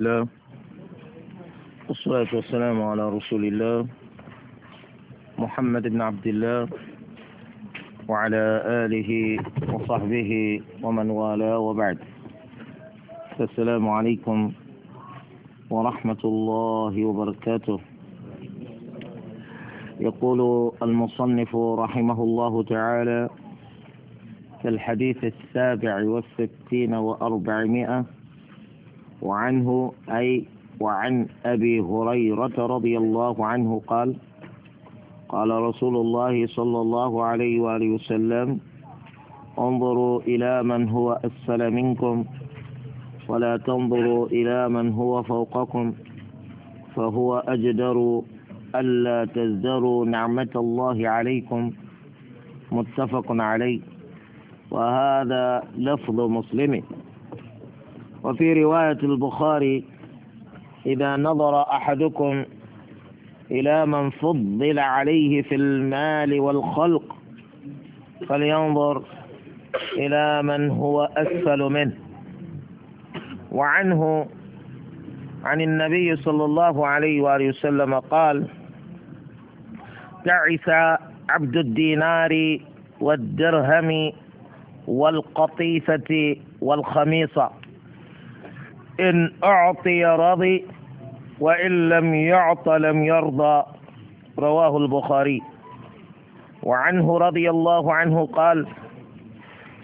الله والصلاة والسلام على رسول الله محمد بن عبد الله وعلى آله وصحبه ومن والاه وبعد السلام عليكم ورحمة الله وبركاته يقول المصنف رحمه الله تعالى في الحديث السابع والستين وأربعمائة وعنه أي وعن أبي هريرة رضي الله عنه قال قال رسول الله صلى الله عليه وآله وسلم انظروا إلى من هو أسفل منكم ولا تنظروا إلى من هو فوقكم فهو أجدر ألا تزدروا نعمة الله عليكم متفق عليه وهذا لفظ مسلم وفي رواية البخاري إذا نظر أحدكم إلى من فضل عليه في المال والخلق فلينظر إلى من هو أسفل منه وعنه عن النبي صلى الله عليه وآله وسلم قال تعس عبد الدينار والدرهم والقطيفة والخميصة إن أعطي رضي وإن لم يعط لم يرضى رواه البخاري وعنه رضي الله عنه قال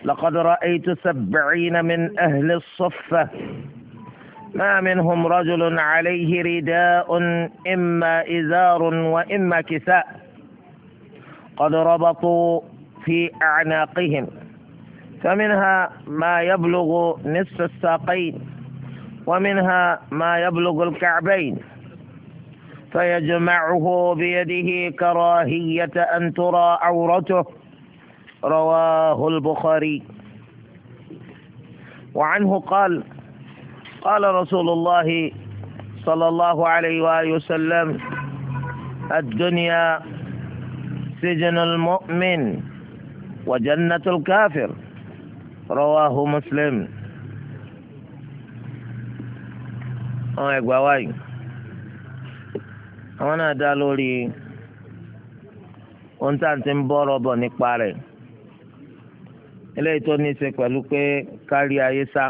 لقد رأيت سبعين من أهل الصفة ما منهم رجل عليه رداء إما إزار وإما كساء قد ربطوا في أعناقهم فمنها ما يبلغ نصف الساقين ومنها ما يبلغ الكعبين فيجمعه بيده كراهية أن ترى عورته رواه البخاري وعنه قال قال رسول الله صلى الله عليه وآله وسلم الدنيا سجن المؤمن وجنة الكافر رواه مسلم àwọn ẹgbàá wa àwọn náà dá lórí ohun tá à ń ti ń bọ́rọ̀ bọ̀ nípa rẹ̀ eléyìí tó ní í ṣe pẹ̀lú pé kárí ayé sá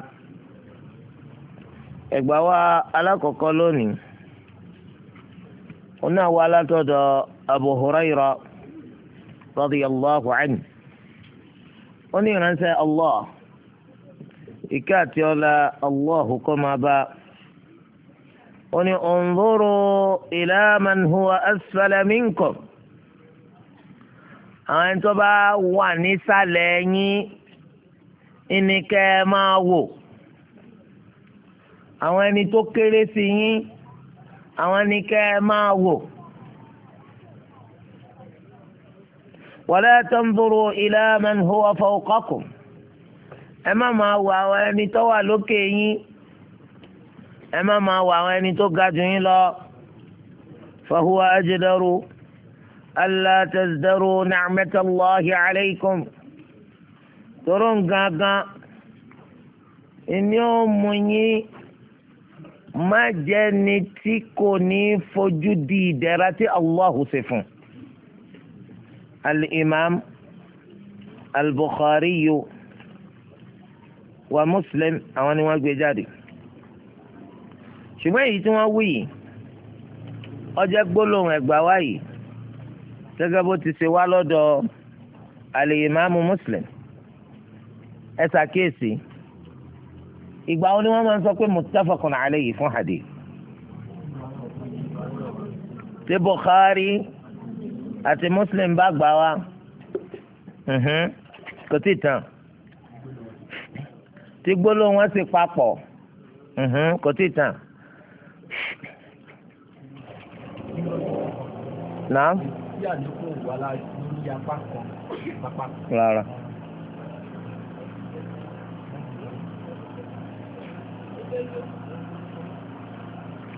ẹgbàá wa alákọ̀ọ́kọ́ lónìí òun náà wá látọ̀dọ̀ Abu Hurayra Allah ìkẹ́ àti ọlá Allah kọ́ máa wọ́n ní unzuru ila man huwa asfala minkum àwọn ẹni tó bá wà nísàlẹ̀ yín ní kẹ́ ẹ máa wò àwọn ẹni tó kéré sí yín àwọn ẹni kẹ́ ẹ máa wò. wala tanzuru ila man huwa fawqakum ẹ má máa wò àwọn ẹni tó wà lókè yín ẹ má máa wọ àwọn ẹni tó ga jù yín lọ fahuwa ajdaru alla tazdaru ni'matallahi alaykum tóró ń gangan ìní ó mú yín má jẹ́ ni tí kò ní fojú di ìdẹ̀ra tí Allahu ṣe fún al-imam al-Bukhari wa Muslim àwọn ni wọ́n gbé jáde ṣùgbọ́n èyí tí wọ́n wí yìí ọjọ́ gbólóhùn ẹ̀gbá wá yìí gẹ́gẹ́ bó ti ṣe wá lọ́dọ̀ al-Imam Muslim ẹ ṣàkíyèsí ìgbà wo ni wọ́n máa ń sọ pé muttafaqun alayhi fún hadith tí Bukhari àti Muslim bá gbà wá kò tí ì tán tí gbólóhùn wọn sì papọ̀ kò tí ì tán. náà. bí àdínkù wà lórí apá kan pápá. rárá.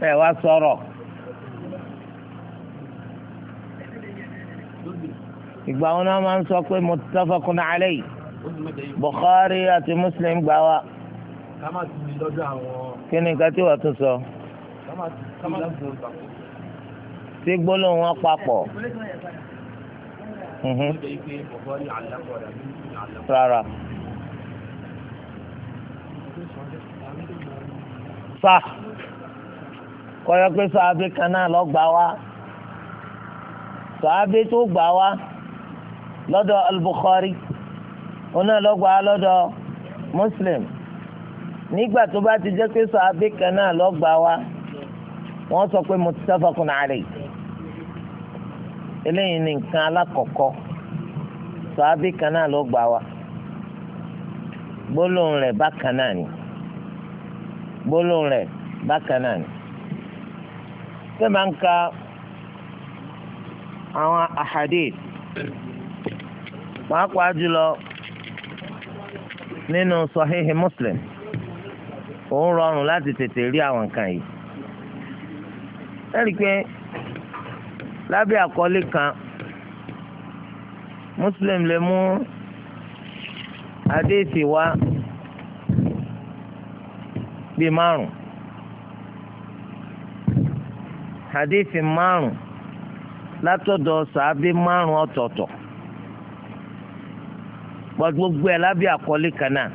ẹ wá sọ̀rọ̀. ìgbà wọn náà máa ń sọ pé muttafaqun alayhi Bukhari àti Muslim gbà wá. kí ni nǹkan tí wàá tún sọ sí gbólóhùn wọn papọ̀. Mhm. rárá. sá kọ́yọ́ pé sàábé kan náà lọ gbà wá sàábé tó gbà wá lọ́dọ̀ al-Bukhari òun náà lọ gbà lọ́dọ̀ Muslim nígbà tó bá ti jẹ́ pé sàábé kan náà lọ gbà wá wọ́n sọ pé muttafaqun alayhi. eléyìí ni nǹkan alákọ̀ọ́kọ́ sàábì kan náà ló gbà wá gbólóhùn rẹ̀ bákan náà ni gbólóhùn rẹ̀ bákan náà ni ṣé máa ń ka àwọn ahadith pàápàá jùlọ nínú sahihi muslim òun rọrùn láti tètè rí àwọn nǹkan yìí ẹ rí i pé. lábẹ́ àkọlé kan muslim lè mú àdéhìsì wá bíi márùn àdéhìsì márùn látọ̀dọ̀ sàábé márùn ọ̀tọ̀ọ̀tọ̀ gbogbo ẹ̀ lábẹ́ àkọlé kan náà.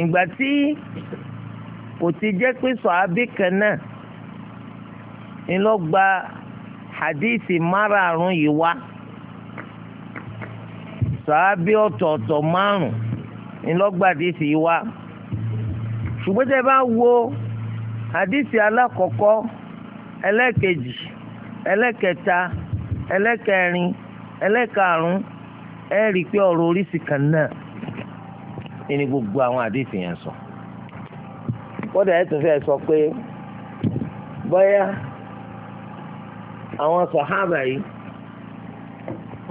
ìgbà tí kò ti jẹ́ pé sọ̀ábì kan náà ńlọgba hadisi márààrún yìí wá sàábí ọ̀tọ̀ọ̀tọ̀ márùn ńlọgba hadisi yìí wá ṣùgbọ́n tẹ́ bá wo hadithi alákọ̀ọ́kọ́ ẹlẹ́kejì ẹlẹ́kẹta ẹlẹ́kẹrin ẹlẹ́karùn ẹ rí i pé ọ̀rọ̀ oríṣi kan náà gbogbo àwọn hadithi yẹn sọ. tún sọ pé àwọn sàhábà yìí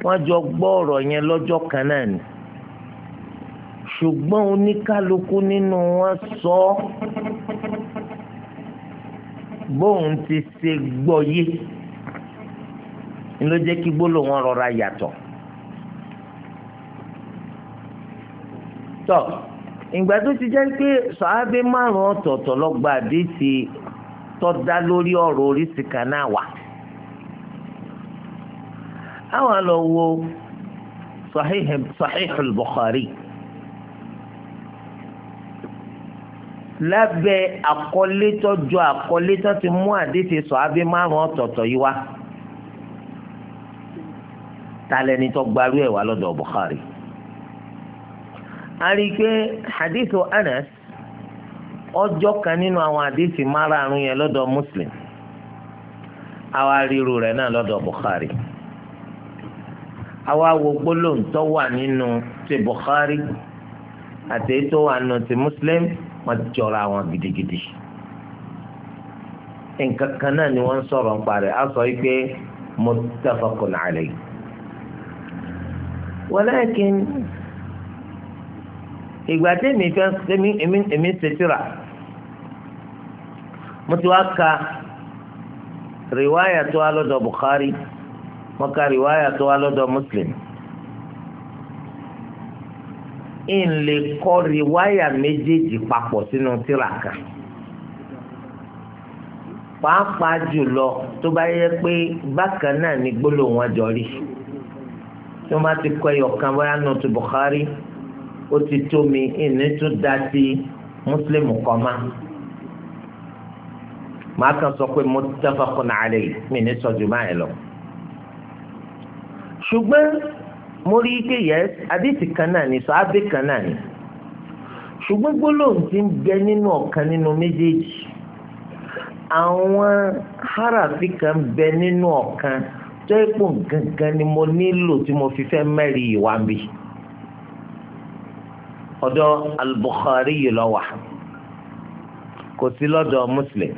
wọ́n jọ gbọ́ ọ̀rọ̀ yẹn lọ́jọ́ kan náà ni ṣùgbọ́n oníkálukú nínú wọn sọ ọ́ bóun ti ṣe gbọ́ yé ni ló jẹ́ kí gbólóhùn rọra yàtọ̀. tọ́ ìgbà tó ti jẹ́ pé sàábé márùn-ún ọ̀tọ̀ọ̀tọ̀ lọ́gbà àdéhìí tó lórí ọ̀rọ̀ oríṣìí kan wà àwọn lọ wo sahihul bukhari lábẹ́ àkọlé tọ́jú àkọlé tó ti mú àdéhìí sọ abẹ́ márùn ọ̀tọ̀ọ̀tọ̀ yìí wá talẹ́ni tó gbarú ẹ̀ wá lọ́dọ̀ bukhari a rí i pé hadithu anas ọjọ́ kan nínú àwọn àdéhìí márùn yẹn lọ́dọ̀ muslim àwa ríru rẹ̀ náà lọ́dọ̀ bukhari àwa wo gbólóhùn tó wà nínú ti Bukhari àti tó wà nínú ti Muslim wọ́n jọra wọn gidigidi nǹkan kan náà ni wọ́n ń sọ̀rọ̀ ń parẹ́ á sọ pé muttafaqun alayhi walakin ìgbà tí èmi fẹ́ èmi èmi èmi ṣètìrà mo ti wá ka rìwáyà tó Bukhari wọ́n ka rìwáyà tó wá lọ́dọ̀ muslim ń lè kọ́ rìwáyà méjèèjì papọ̀ sínú tírà kan pàápàá jùlọ tó bá yẹ pé bákan náà ni gbólóhùn wọn jọ rí tí wọ́n bá ti kọ ẹyọkan bóyá nù ti Bukhari ó ti tó mi ìní tó da sí muslim kan máa màá kàn sọ pé muttafaqun alayhi mi ní sọ jù báyìí lọ ṣùgbọ́n mo rí i pé yẹs àdìsí kan náà ni sọ́ábì kan náà ni ṣùgbọ́n gbólóhùn ti ń bẹ nínú ọ̀kan nínú méjèèjì àwọn harafi kan bẹ nínú ọ̀kan tó ipò gangan ni mo nílò tí mo fi fẹ́ mẹ́rin ìwà mi ọ̀dọ̀ al-Bukhari yìí ló wà kò sí lọ́dọ̀ Muslim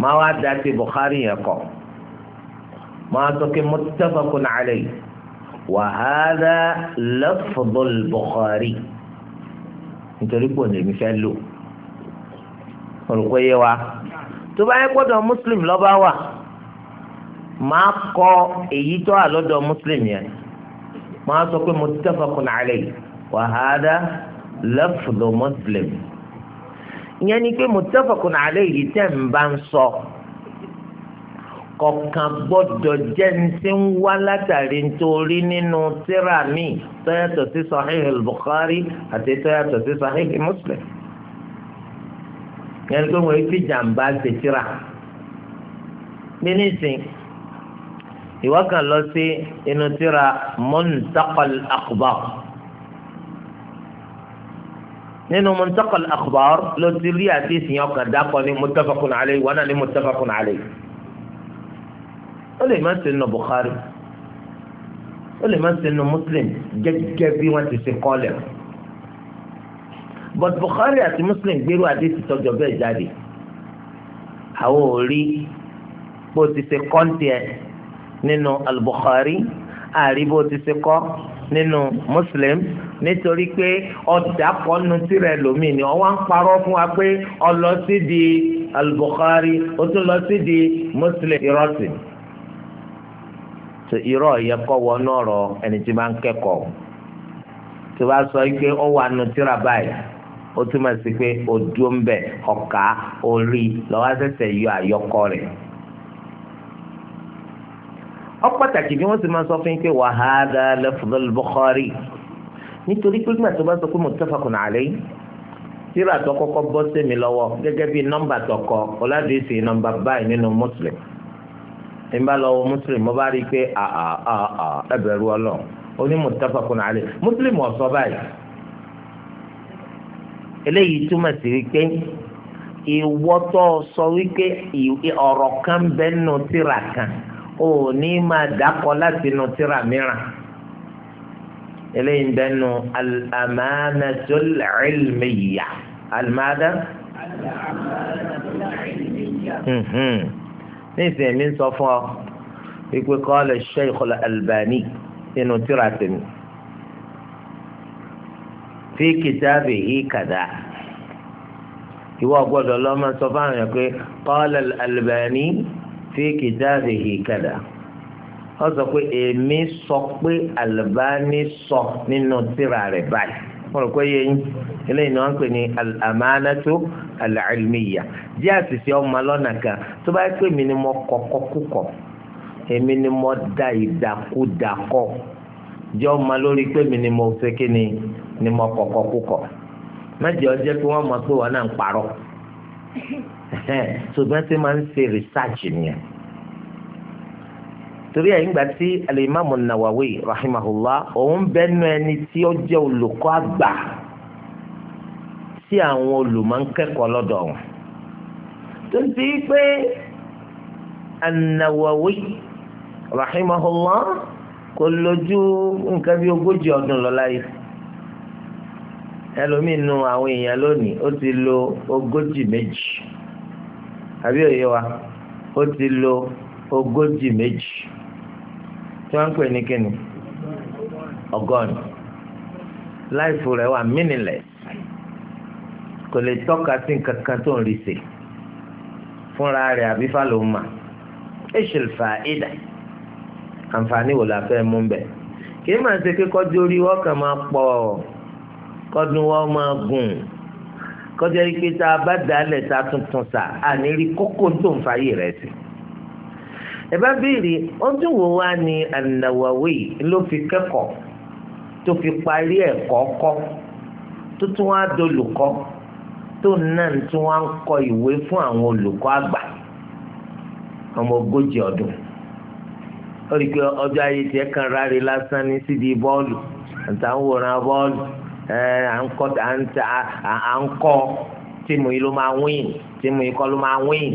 máa wá dá ti Bukhari yẹn kọ́ máa sọ pé muttafaqun alayhi wa hadha lafdhul Bukhari nítorí pò lèmi fẹ́ lò olùkọ́ yé wa tó bá yẹ gbọ́dọ̀ muslim lọ́ba wà máa kọ èyí tó wà lọ́dọ̀ muslim yẹn máa sọ pé muttafaqun alayhi wa hadha lafdhu muslim ìyẹn ni pé muttafaqun alayhi tẹ̀ ń bá ń sọ. So kọ̀ọ̀kan gbọ́dọ̀ jẹ́ ní tí ń wá látàrí nítorí nínú tírà mi tó yàtọ̀ sí sahih al-Bukhari àti tó yàtọ̀ sí sahih Muslim yẹn tó wọ́n fi jàǹbá ṣe tírà bí nísìn ìwọ kan lọ sí inú tírà Muntaqal Akhbar nínú Muntaqal Akhbar ló ti rí àti ìsìn ọkàn dákọ ní muttafaqun alayhi wọn náà ní muttafaqun alayhi ó lè má sínú Bukhari ó lè má sínú Muslim gẹ́gẹ́ bí wọ́n ti ṣe kọ́lẹ̀ but Bukhari àti Muslim gbérú adé ti tọjọ bẹ́ẹ̀ jáde àwọn ò rí bó ti se kọ́ńtì ẹ̀ nínú al-Bukhari àríbó ti ṣe kọ́ nínú Muslim nítorí pé ọ̀dà kọ́nu tirẹ̀ lómi ni ọ̀wá ń parọ́ fún wa pé ó lọ al-Bukhari ó tún lọ sí Muslim irọ́sìn so irọ́ yẹ kọ́ wọnú ọ̀rọ̀ ẹni tí bá ń kẹ́kọ̀ọ́ tí wàá sọ pé ó wà nù tíra báyìí ó túmọ̀ sí pé ojú ń bẹ̀ ọ̀ka orí lọ́wọ́ sẹ̀sẹ̀ yọ àyọkọ́ rẹ̀ ó pàtàkì bí wọ́n sì máa sọ fún pé wàhálà lafdhul Bukhari nítorí pé gbà tó bá sọ pé muttafaqun alayhi tíra tó kọ́kọ́ bọ́ sí mi lọ́wọ́ gẹ́gẹ́ bí nọ́mbà tó kọ ọ̀làdìsí nọ́mbà báyìí nínú Muslim ìbá lọ́wọ́ muslim mo bá rí i pé ẹbẹ̀rù ọlọ́run oní muttafaqun alayh muslim ọ̀sọ́ báyìí eléyìí túmọ̀ sí wípé ìwọ́tọ̀ sọ wípé ọ̀rọ̀ kan bẹ́ nù tíra kan ò ní máa dákọ̀ láti nù tíra mìíràn eléyìí bẹ́ nù al-amanatul ilmiyya al-mada. al ní ìsìn mi ń sọ fún ọ wípé qala Shaykh al-Albani nínú tírà tèmi fi kitabihi kàdá ìwọ gbọ́dọ̀ lọ máa sọ fáwọn yẹn pé qala al-Albani fi kitabihi kàdá ó sọ pé èmi sọ pé Albani sọ nínú tírà rẹ̀ báyìí wọn rò pé yẹ yín eléyìí ni wọn ń pè ní al-amanatu al-ilmiyya jẹ́ àṣìṣe ọmọ lọ́nà kan tó bá pè mí ni mo kọ́kọ́ kúkọ̀ èmi ni mo da ìdàkúdà kọ́ jẹ́ ọmọ lórí pé mi ni mo ṣe kí ni ni mo kọ́kọ́ kúkọ̀ mẹ́jọ jẹ́ pé wọ́n mọ̀ pé wọ́n náà ń parọ́ ṣùgbọ́n tí máa ń ṣe rìsáàjì nìyẹn torí ẹ̀yìn gbà tí alimami nawawi rahimahullah òun bẹnu ẹni tí ó jẹ́ olùkọ́ àgbà tí àwọn olùmọ̀ ń kẹ́kọ̀ọ́ lọ́dọ̀ wọn tó ti pé anawawi rahimahullah kò lójú nǹkan bí ogójì ọdún lọ láyé ẹlòmíín nu àwọn èèyàn lónìí ó ti lo ogójì méjì àbí òye wa ó ti lo ogójì méjì tí wọ́n ń pè ní kíni ọgọ́rin láìfù rẹ̀ wà meaningless kò lè tọ́ka sí nǹkan kan tó ń rí ṣe fúnra rẹ̀ àbí fàlùmà èṣèlú fàáìdà àǹfààní wò la fẹ́ mú bẹ̀ kì í máa ṣe kíkọ́ di orí wọ́n kàn máa pọ̀ kọ́dún wọ́n máa gùn kọjá ike tá a bá dálẹ̀ tá a tuntun sà á ní rí kókó tó ń fa yìí rẹ̀ sí i. ẹ bá béèrè ọdún wo wá ni an ló fi kẹ́kọ̀ọ́ tó fi parí ẹ̀kọ́ kọ́ tó tún wá dolùkọ́ tó náà tí wọ́n á ń kọ ìwé fún àwọn olùkọ́ àgbà ọmọ ogójì ọdún ó rí i pé ọjọ́ ayé tiẹ̀ kan ráre lásán ní síbi bọ́ọ̀lù àtàwọn bọ́ọ̀lù à ń kọ́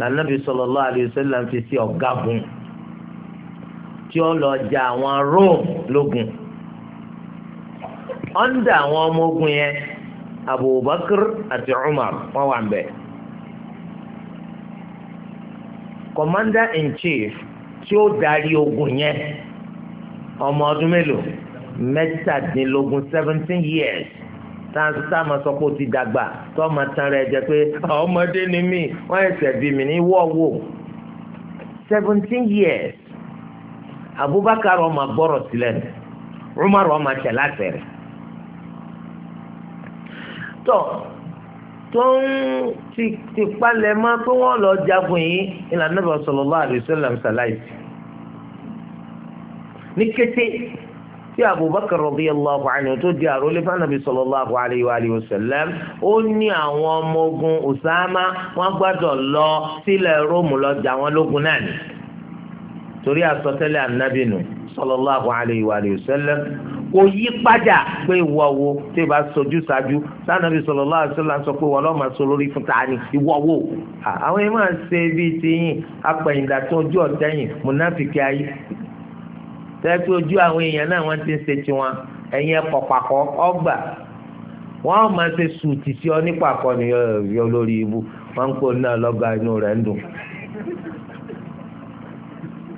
lànàbí sallallahu alayhi wa sallam fi sí ọ̀gágun tí ó lọ ja àwọn Róòmù lógun ọ̀ndà àwọn ọmọ ogun yẹn Abubakar àti Umar wọ́n wà ń commander in chief tí ó darí ogun yẹn ọmọ ọdún mélòó mẹ́tàdínlógún seventeen years táǹsì tá a máa sọ pé o ti dàgbà tó máa tan rẹ jẹ pé ah, ọmọdé ni mí wọ́n ẹ̀sẹ̀ bí mi ní wọ́ọ̀wọ́ seventeen years Abubakar ọmọ gbọ́rọ̀ sílẹ̀ Umar ọmọ tẹ̀ láti rẹ̀ tó tó ń ti ti palẹ̀ mọ́ pé wọ́n lọ jagun yìí ìlànà Nabi sallallahu alaihi wasallam ṣàlàyé ní kété tí abubakar radiyallahu anhu tó di àrólé fanabi sallallahu alayhi wa alihi wa sallam ó ní àwọn ọmọ ogun usama wọn gbàdọ̀ lọ sílẹ̀ róòmù lọ jà wọn lógun náà ni torí àsọtẹ́lẹ̀ anabi nù sallallahu alayhi wa alihi wa sallam kò yí padà pé ìwọ wo tí ìbá sojú ṣáájú sanabi sallallahu alayhi wa sallam sọ pé wọn lọ́ọ́ máa so lórí fún ta ìwọ wo àwọn yìí máa ṣe bíi tiyín apẹ̀yìndà tó ojú ọ̀tẹ́yìn mùnáfìkì ayé tẹ́tí ojú àwọn èèyàn náà wọ́n ti ń ṣe tiwọn ẹ̀yin ẹ̀kọ́ pàkọ́ ọgbà wọ́n máa ṣe sùtì sí ọ nípa àkọni yọ lórí ibu wọ́n ń pò náà lọ́gà inú rẹ̀ ń dùn.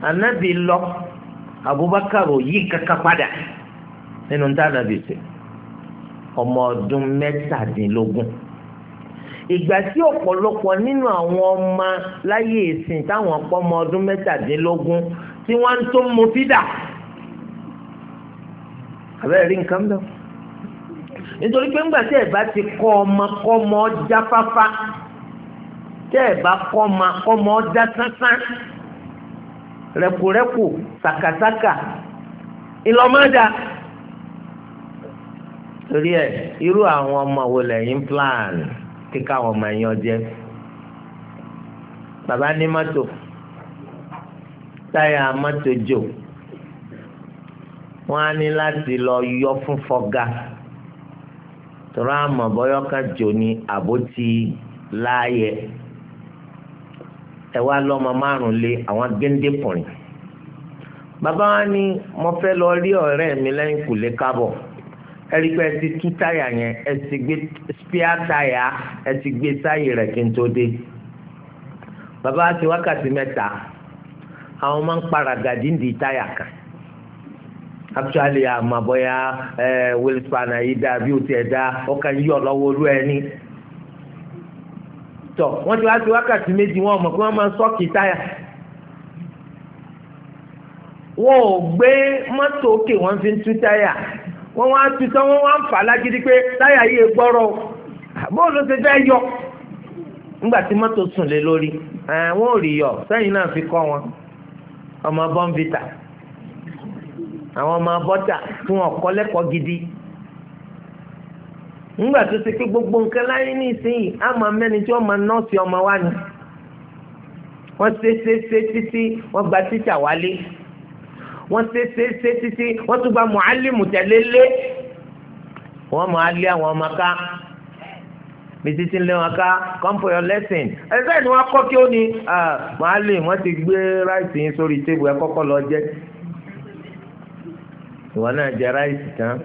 ànábì lọ Abubakar ò yí kankan padà nínú tánàbì sè ọmọ ọdún mẹ́tàdínlógún ìgbà tí ọ̀pọ̀lọpọ̀ nínú àwọn ọmọ láyé ìsìn táwọn ọ̀pọ̀ ọmọ ọdún mẹ́tàdínlógún tí wọ́n ń tó mutí dà àbẹ́rẹ́ rí nǹkan bẹ́ẹ̀ nítorí pé ńgbà tí ẹ bá ti kọ́ ọmọ kọ́ ọmọ ọjà fáfá tí ẹ bá kọ́ ọmọ kọ́ ọmọ ọjà sánsán rẹ̀kùrẹ́kù sàkàsàkà ìlọ́mọ́dà torí ẹ irú àwọn ọmọ wo lẹ́yìn plan kíkà àwọn ọmọ yẹn jẹ́ bàbá ní mọ́tò táyà mọ́tò jò. wọ́n á ní láti lọ yọ fún fọgá tọ́lá àmọ̀ bọ́yọ́ jò ní àbótí láàyè ẹ wá márùn-ún lé àwọn bàbá wa ní mo fẹ́ lọ rí ọ̀rẹ́ mi lẹ́yìn lè kábọ̀ ẹ rí pé ẹ ti tú táyà yẹn ẹ ti gbé spíà táyà ẹ ti gbé kí n tó dé actually àmọ́ bóyá will spanner yìí dáa bí o tiẹ̀ dáa ọkàn yíyọ lọ́wọ́ olú ẹni tọ wọ́n ti wá sí wákàtí méjì wọn mọ̀ pé wọ́n máa sọ́ọ̀kì táyà wọn ò gbé mọ́tò òkè wọ́n fi ń tú táyà wọ́n wá tú tán wọ́n wá ń fà lágídí pé táyà yìí gbọ́rọ̀ bóòlù ti fẹ́ yọ ńgbà tí mọ́tò sùn lé lórí wọ́n ò rí yọ sẹ́yìn náà fi kọ́ wọn ọmọ bọ́ńbítà. àwọn ọmọ abọ́tà tí wọ́n kọ́ lẹ́kọ̀ọ́ gidi nígbà tó ṣe pé gbogbo nǹkan láyé ní ìsinyìí á máa mẹ́ni tí wọ́n máa nọ́ọ̀sì ọmọ wa ni wọ́n ṣe ṣe ṣe títí wọ́n gba tíṣà wálé wọ́n ṣe ṣe ṣe títí wọ́n tún gba mọ̀álìmù tẹ̀lé lé wọ́n máa lé àwọn ọmọ ká bísí ti ń lé wọn ká come for your lesson ẹ̀sẹ̀ ni wọ́n kọ́ kí ó ní ah, mọ̀álìmù wọ́n ti gbé ráìsì yín sórí tébù ẹ̀ kọ́kọ́ lọ jẹ́ ìwọ náà jẹ ráìsì tán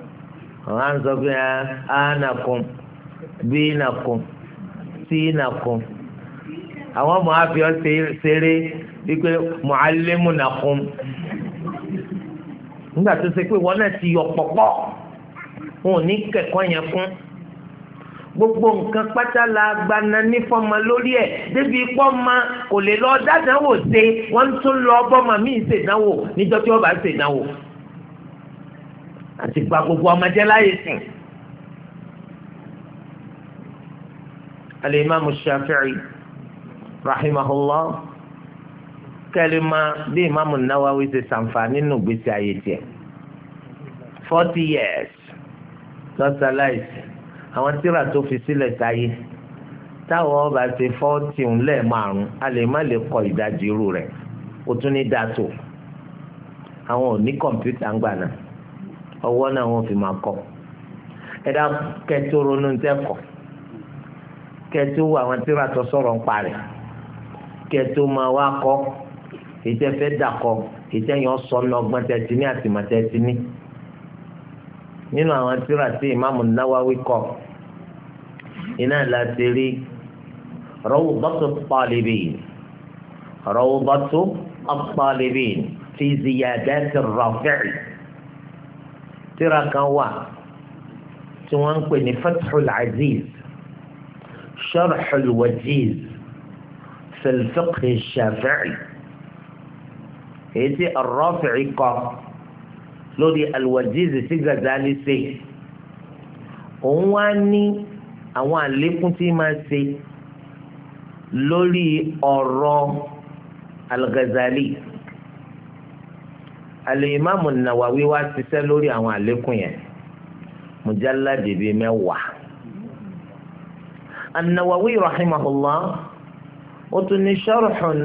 àwọn à ń sọ pé ánàkùn bínàkùn sínàkùn àwọn ọmọ àfihàn ṣeré wípé mọ̀álẹ́mùnàkùn nígbà tó ṣe pé ìwọ náà ti yọ pọ̀pọ̀ wọn ò ní kẹ̀kọ́ yẹn kún gbogbo nǹkan pátá la gbana ní fọmọ lórí ẹ débi pọmọ kò lè lọ dáadáa wò ṣe wọn tún lọ bọmọ míì ṣèdánwò níjọ́ tí wọn bá ṣèdánwò àti gba gbogbo ọmọdé láyè sìn. alimami shafi'i rahimahullah kẹlima bí imaamu nawawi ṣe ṣàǹfààní nínú gbèsè ayé tiẹ̀ forty years lọ́sàláìsì àwọn tíra tó fi sílẹ̀ sáyé táwọn ọba ṣe fọ́ọ̀tì ńlẹ̀ márùn-ún a lè má lè kọ ìdajì irú rẹ̀ ó tún ní dàtò àwọn ò ní kọ̀ǹpútà ń gbà náà ọwọ́ náà wọ́n fi máa kọ́ ẹ̀dá kẹtó ronú tẹ́kọ̀ kẹtó wo àwọn tíra tó sọ̀rọ̀ ń parẹ́ kẹtó máa wá kọ́ ìtẹ́fẹ́ dàkọ́ ìtẹ́yìn ọ̀sọ́nà ọgbọ́n tẹ́tí ní àtìmọ́ tẹ́tí ní nínú àwọn tíra tí ìmáàmù náwáwí kọ iná láti rí Rawdatu Talibin Rawdatu Talibin fi ziyadati Rafi'i tíra kan wà tí wọ́n ń pè ní fathul aziz sharhul wajiz filfiqhi shafi'i èyí tí arọ́fìí kọ lórí alwajiz sí gazali ṣe òun wá ní àwọn àlékún tí máa ṣe lórí ọ̀rọ̀ al-Ghazali. al Al-Imamu Nawawi wá ṣiṣẹ́ lórí àwọn àlékún yẹn mujalladi bíi mẹ́wàá An-Nawawi rahimahullah ó tún ní sharhun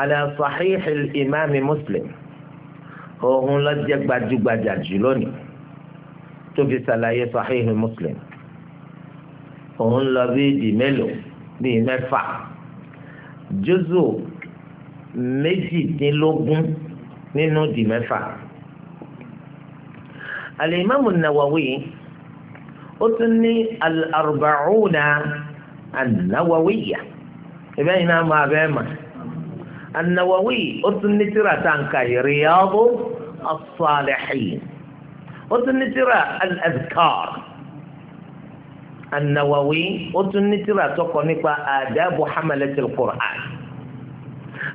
ala sahih al-Imami Muslim òun ló jẹ́ gbajúgbajà jù lónìí tó fi ṣàlàyé sahih Muslim òun lọ bíi di mélòó bíi mẹ́fà juz'u méjìdínlógún. nínú dì mẹ́fà alimami nawawi ó tún ní al-arba'una an-nawawiya ìbẹ́ yìí náà máa bẹ́ẹ̀ mà an-nawawi ó tún ní tíra tàǹkà riyadu as-salihin ó tún ní tíra al-adhkar an-nawawi ó tún ní tíra tọkọ nípa adabu hamalatil qur'an.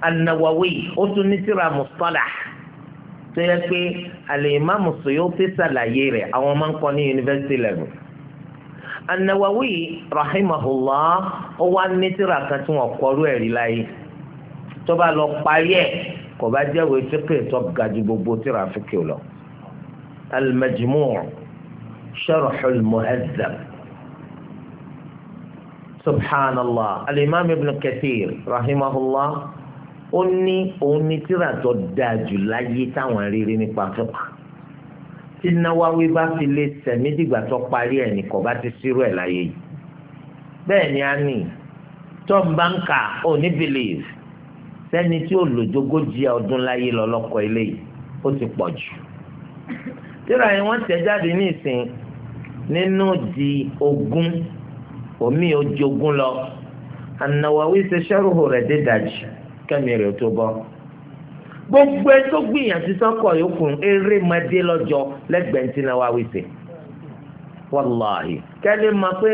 an-Nawawi ó tún ní tírà mustalah tó yẹ pé al-Imam Suyuti ṣàlàyé rẹ̀ àwọn máa ń kọ́ ní yunifásitì level an-Nawawi rahimahullah ó wá ní tírà kan tí wọ́n kọ́rú ẹ̀rí láyé tó bá lọ parí kò bá jẹ́wọ́ fíkè tó ga ju gbogbo tírà fíkè lọ al-Majmu' sharh al-Muhadhab subhanallah al-Imam Ibn Kathir ó ní òun ní tíra tó dáa jù láyé táwọn rírí nípa fẹ́pà tí náwáwí bá fi lé sẹ̀mí dìgbà tó parí ẹ̀ ní bá ti sírò ẹ̀ láyé yìí bẹ́ẹ̀ ni a nì tom banka ò ní believe sẹ́ni tí ó lòjógójì ọdún láyé lọ́lọ́kọ̀ eléyìí ó ti pọ̀ jù tíra yẹn wọ́n tẹ̀ jáde ní ìsìn nínú di ogún omi ojogún lọ ànáwáwí ṣe ṣẹ́rù rẹ̀ dé dájú kẹ́mi rẹ̀ tó bọ́ gbogbo ẹ tó gbìyànjú sọkọ yòókù eré madé lọ́jọ́ lẹ́gbẹ̀ẹ́ tí náà wá wíṣẹ́ wàláhì kẹ́lẹ́ mọ̀ pé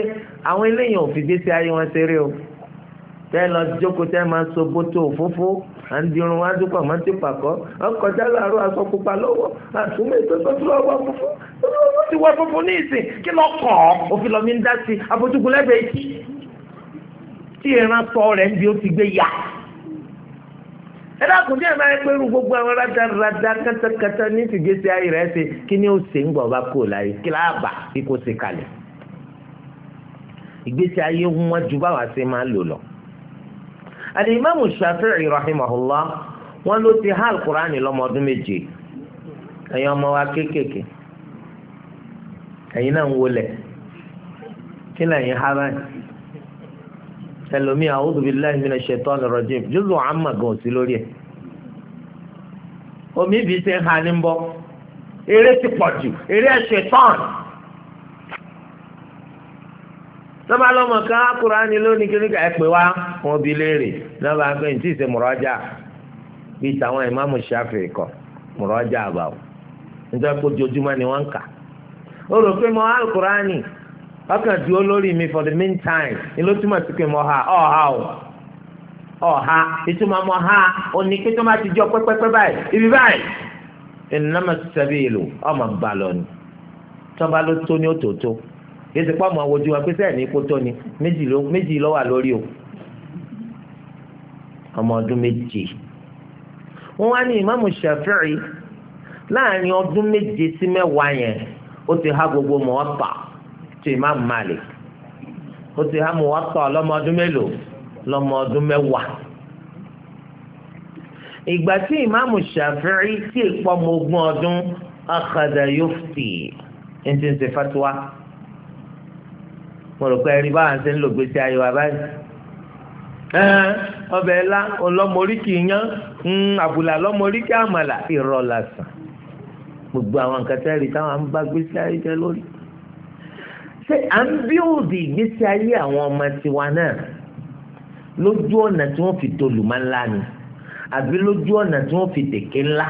àwọn eléyìí ò fi gbèsè ayé wọn ṣeré o tẹ́ lọ jókòó tẹ́ máa so bótó òfófó à ń dirun wájú pọ̀ mọ́ ti pàkọ́ ọkọ̀ jálọ àrò aṣọ pupa lọ́wọ́ àtúmọ̀ ètò tó tún ọwọ́ funfun ó ti wọ funfun ní ìsìn kí lọ kọ̀ ọ́ òfin lọ́mí ń dá sí abojúgun lẹ́bẹ̀ẹ́ tí ìran sọ rẹ̀ ń bí ó ti gbé yà. ẹlẹ́kùn tí ẹ̀ máa ń pẹ́rù gbogbo àwọn rádaràdà kátàkátà ní ìfìgbésí ayé rẹ̀ ṣe kí ni ó ṣe ń gbọ̀ bá kò láyé kí láàbà kí kò ṣe kalẹ̀ ìgbésí ayé wọn ju báwa ṣe máa lò lọ. rahimahullah wọn ló ti hal kurani lọ́mọ ọdún méje ẹ̀yin ọmọ wa kéékèèké ẹ̀yin náà ń wọlé kí ha báyìí. ẹlòmí a'udhu billahi minash shaitanir rajim jùlọ àmà gan sí lórí ẹ̀ omi ibi ṣe ń ha ní bọ́ eré ti pọ̀ jù eré ẹ̀ṣẹ̀ tán lọ́ba lọ́mọ kan Kùránì lónìí kí ẹ pè wá wọn bi léèrè lọ́ba pé ní tí ì ṣe mùrọ́jà bíi tàwọn ìmáàmù Ṣáfi'í kọ mùrọ́jà àbáwò nítorí pé ojoojúmọ́ ni wọ́n ń kà ó rò pé mọ́ Al-Kùránì ọkàn dúró lórí mi for the meantime ni ló túmọ̀ sí pé mo ha ọ̀ha o ọ̀ha ìtumọ̀ mo ha òní pé tó máa ti jọ pẹ́pẹ́pẹ́ báyìí ibi báyìí ìnáma sẹ́bi ìlú ọmọ bá lọ ni tọ́ba ló tó ní òtòtó èsì pọ́ ọmọ wojú wa pé sẹ́ẹ̀ ní kó tó ni méjì ló wà lórí o ọmọ ọdún méje wọ́n wá ní ìmáàmù Ṣàfi'í láàrin ọdún méje sí mẹ́wàá yẹn ó ti há gbogbo mọ́ ọ́ pa ti Imam Malik ó ti wa. Muwatta lọ́mọ ọdún mélòó lọ́mọ ọdún mẹ́wàá ìgbà tí Imam Shafi'i tí èpọ̀ mọ ogún ọdún akhadha yufti ẹ̀ ń ti ń ṣe fatuwa mo rò pé ẹni báwa ń ṣe ń lò gbèsè ayé wa báyìí ọbẹ̀ ńlá ọlọ́mọríkì yán àbùlà ọlọ́mọríkì àmàlà ìrọ̀ gbogbo àwọn nǹkan tẹ́rì táwọn bá gbèsè ayé jẹ lórí ṣé à ń bíòdì ìgbésí ayé àwọn ọmọ tiwa náà lójú ọ̀nà tí wọ́n fi dolùmọ́ ńlá ni àbí lójú ọ̀nà tí wọ́n fi tèké ńlá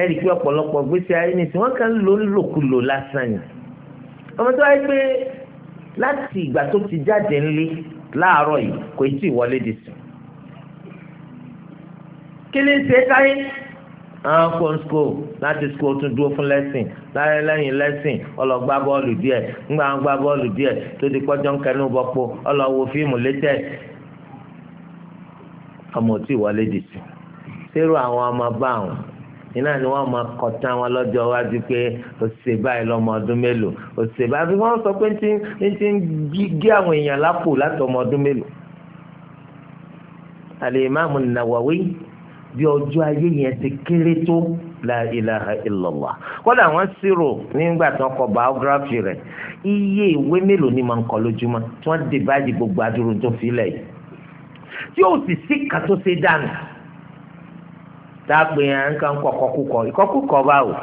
ẹ rí i pé ọ̀pọ̀lọpọ̀ gbèsè ayé ni tí wọ́n kàn ń lò ń lòkulò lásán yìí ọmọ tó wáyé pé láti ìgbà tó ti jáde ńlé láàárọ̀ yìí kò tí ì wọlé dì sùn kí ni ṣe táyé àwọn kò ń school láti school tún dúró fún lẹ́sìn láyé lẹ́yìn lẹ́sìn ọlọ́gbá bọ́ọ̀lù díẹ̀ ńgbà ń gbá bọ́ọ̀lù díẹ̀ tó ti pọ́jọ́ ń kẹnu bọ́pọ̀ ọlọ́wọ́ fíìmù létẹ̀ ọmọ tí ìwọlé dì sí sẹ́rù àwọn ọmọ bá àwọn iná ni wọ́n máa kọta wọn lọ́jọ́ iwájú pé òṣìṣẹ́ báyìí lọ́mọ ọdún mélòó òṣìṣẹ́ báyìí wọ́n sọ pé ń ti ń gé àwọn èèyàn lápò láti ọmọ ọdún mélòó Al-Imam an bí ọjọ́ ayé yẹn ti kéré tó la ilaha illallah kódà wọ́n ṣírò nígbà tí wọ́n kọ biography rẹ̀ iye ìwé mélòó ni máa ń kọ lójúmọ́ tí wọ́n dé báyìí gbogbo adúrú tó filẹ̀ yìí tí ó sì sí kan ṣe dànù tá a pè yẹn nǹkan kọkọkúkọ ìkọkúkọ báwo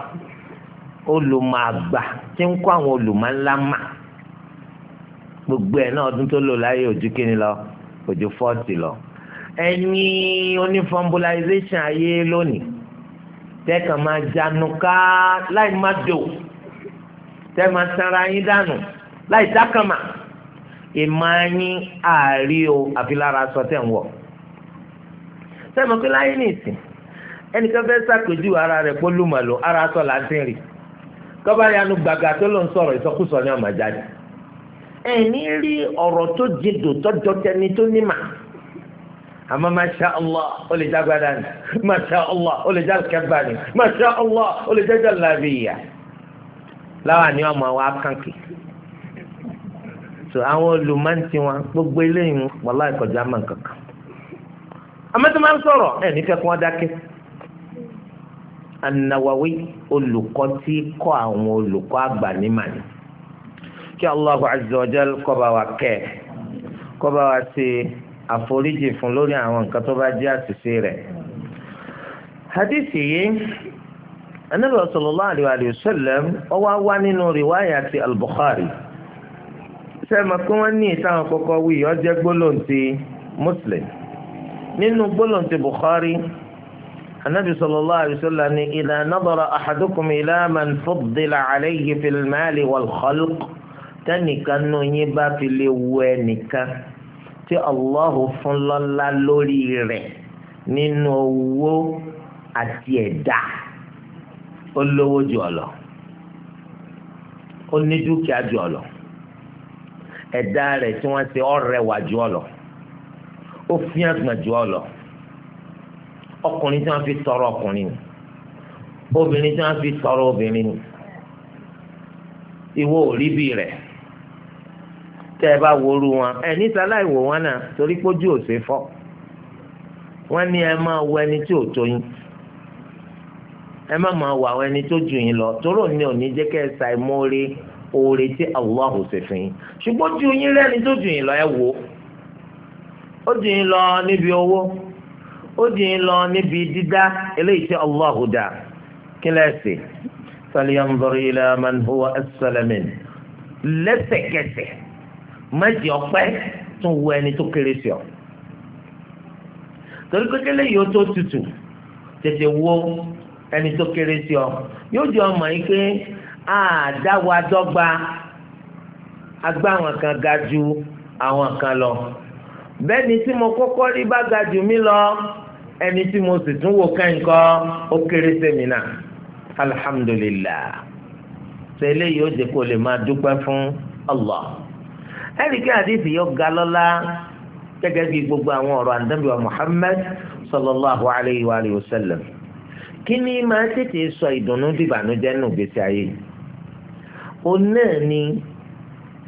olùmọ̀ àgbà tí ń kó àwọn olùmọ̀ ńlá mà gbogbo ẹ̀ náà ọdún tó lò láyé ojú kíni lọ ojú fọ́ọ̀tì lọ ẹ̀yin onífọmbulaization ayé lónìí tẹ́kàn máa jánu ká láì má dò tẹ́ máa sanra yín dànù láì dákàmà ìmọ̀ yín àárí o àfi lára aṣọ tẹ̀ ń wọ̀ sẹ́mi pé láyé nìsín ẹnìkan fẹ́ sàpèjú ara rẹ̀ pé lùmọ̀lò ara aṣọ là ń tẹ̀ rì kọ́ba yanu gbàgà tó ló ń sọ̀rọ̀ ìsọkúsọ ní ọmọ jáde ẹ̀ rí ọ̀rọ̀ tó jẹ dò tẹni tó ní mà àmọ́ masha allah ó lè jẹ́ agbada ni masha allah ó lè jẹ́ alikẹ́bà ni masha allah ó lè jẹ́ jalabiya láwa ni ọmọ wa kànkì so àwọn olùmọ̀ntì wọn gbogbo eléyìí wọlá ìkọjá mọ̀ kankan àmọ́ tó máa ń sọ̀rọ̀ ẹ̀ nífẹ̀ẹ́ kí wọ́n dákẹ́ anawawi olùkọ́ tí kọ́ àwọn olùkọ́ àgbà ní màní kí allahu azza wa kọ́ bá wa kẹ́ kọ́ bá wa ṣe àforíjì fún lórí àwọn nǹkan tó bá jẹ́ àṣìṣe rẹ̀. hadisi yìí anabi sallallahu alayhi wa sallam ọwọ́ wá nínú riwaya ti al-bukhari sẹ́mi kí wọ́n ní ìtàn kọ́kọ́ wí ọjọ́ gbólóhùn ti muslim nínú gbólóhùn ti bukhari anabi sallallahu alayhi wa sallam ni idha nadara ahadukum ila man fuddila alayhi fil tẹ́nìkan nù yín bá fi lè wù ẹnìkan tí Allahu fún lọ́lá lórí rẹ̀ nínú owó àti ẹ̀dá ó lówó jù ọ lọ ó ní dúkìá jù ọ lọ ẹ̀dá rẹ̀ tí wọ́n ṣe ọ̀rẹ́wà jù ọ lọ ó fi àgbọ̀n jù ọ lọ ọkùnrin tí wọ́n fi tọrọ ọkùnrin ni obìnrin tí wọ́n fi tọrọ obìnrin ni ìwọ ò rí bí rẹ̀ tẹ́ ẹ bá woru wọn ẹ níta láì wò wọn náà torí pójú òsè fọ́ wọ́n ní ẹ máa wọ ẹni tí ò tó yín ẹ má máa wọ àwọn ẹni tó jù yín lọ tóró ní òní jẹ́ kẹ́ ẹ sa ìmóore oore tí Allah ṣe fún yín ṣùgbọ́n jù yín lẹ́ni tó jù yín lọ ẹ wò ó jù yín lọ níbi owó ó jù yín lọ níbi dídá eléyìí tí Allah dà kí lẹ́sì falyanzur ila man huwa asfala min lẹ́sẹ̀kẹsẹ̀ mẹ́jì ọpẹ́ tún wo ẹni tó kéré sí ọ torí kékeré yìí ó tó tutù tètè wo ẹni tó kéré sí ọ yóò di ọmọ yìí pé àdáwọ̀ adọ́gba agbá àwọn kan ga ju àwọn kan lọ bẹ́ẹ̀ni tí mo kọ́kọ́ rí bá ga jù mí lọ ẹni tí mo sì tún wò kẹ́ńkọ́ ó kéré sẹ́mi náà alhamdulillah tẹ́lẹ̀ yóò jẹ́ kó lè máa dúpẹ́ fún Allah ẹnì kí àdéhùn yóò ga lọ́la gẹ́gẹ́ bí gbogbo àwọn ọ̀rọ̀ àdébíwá Muhammad sallallahu alayhi wa alihi wa sallam kí ni máa tètè sọ ìdùnnú dìbànújẹ́ nù gbèsè ayé yìí ó náà ni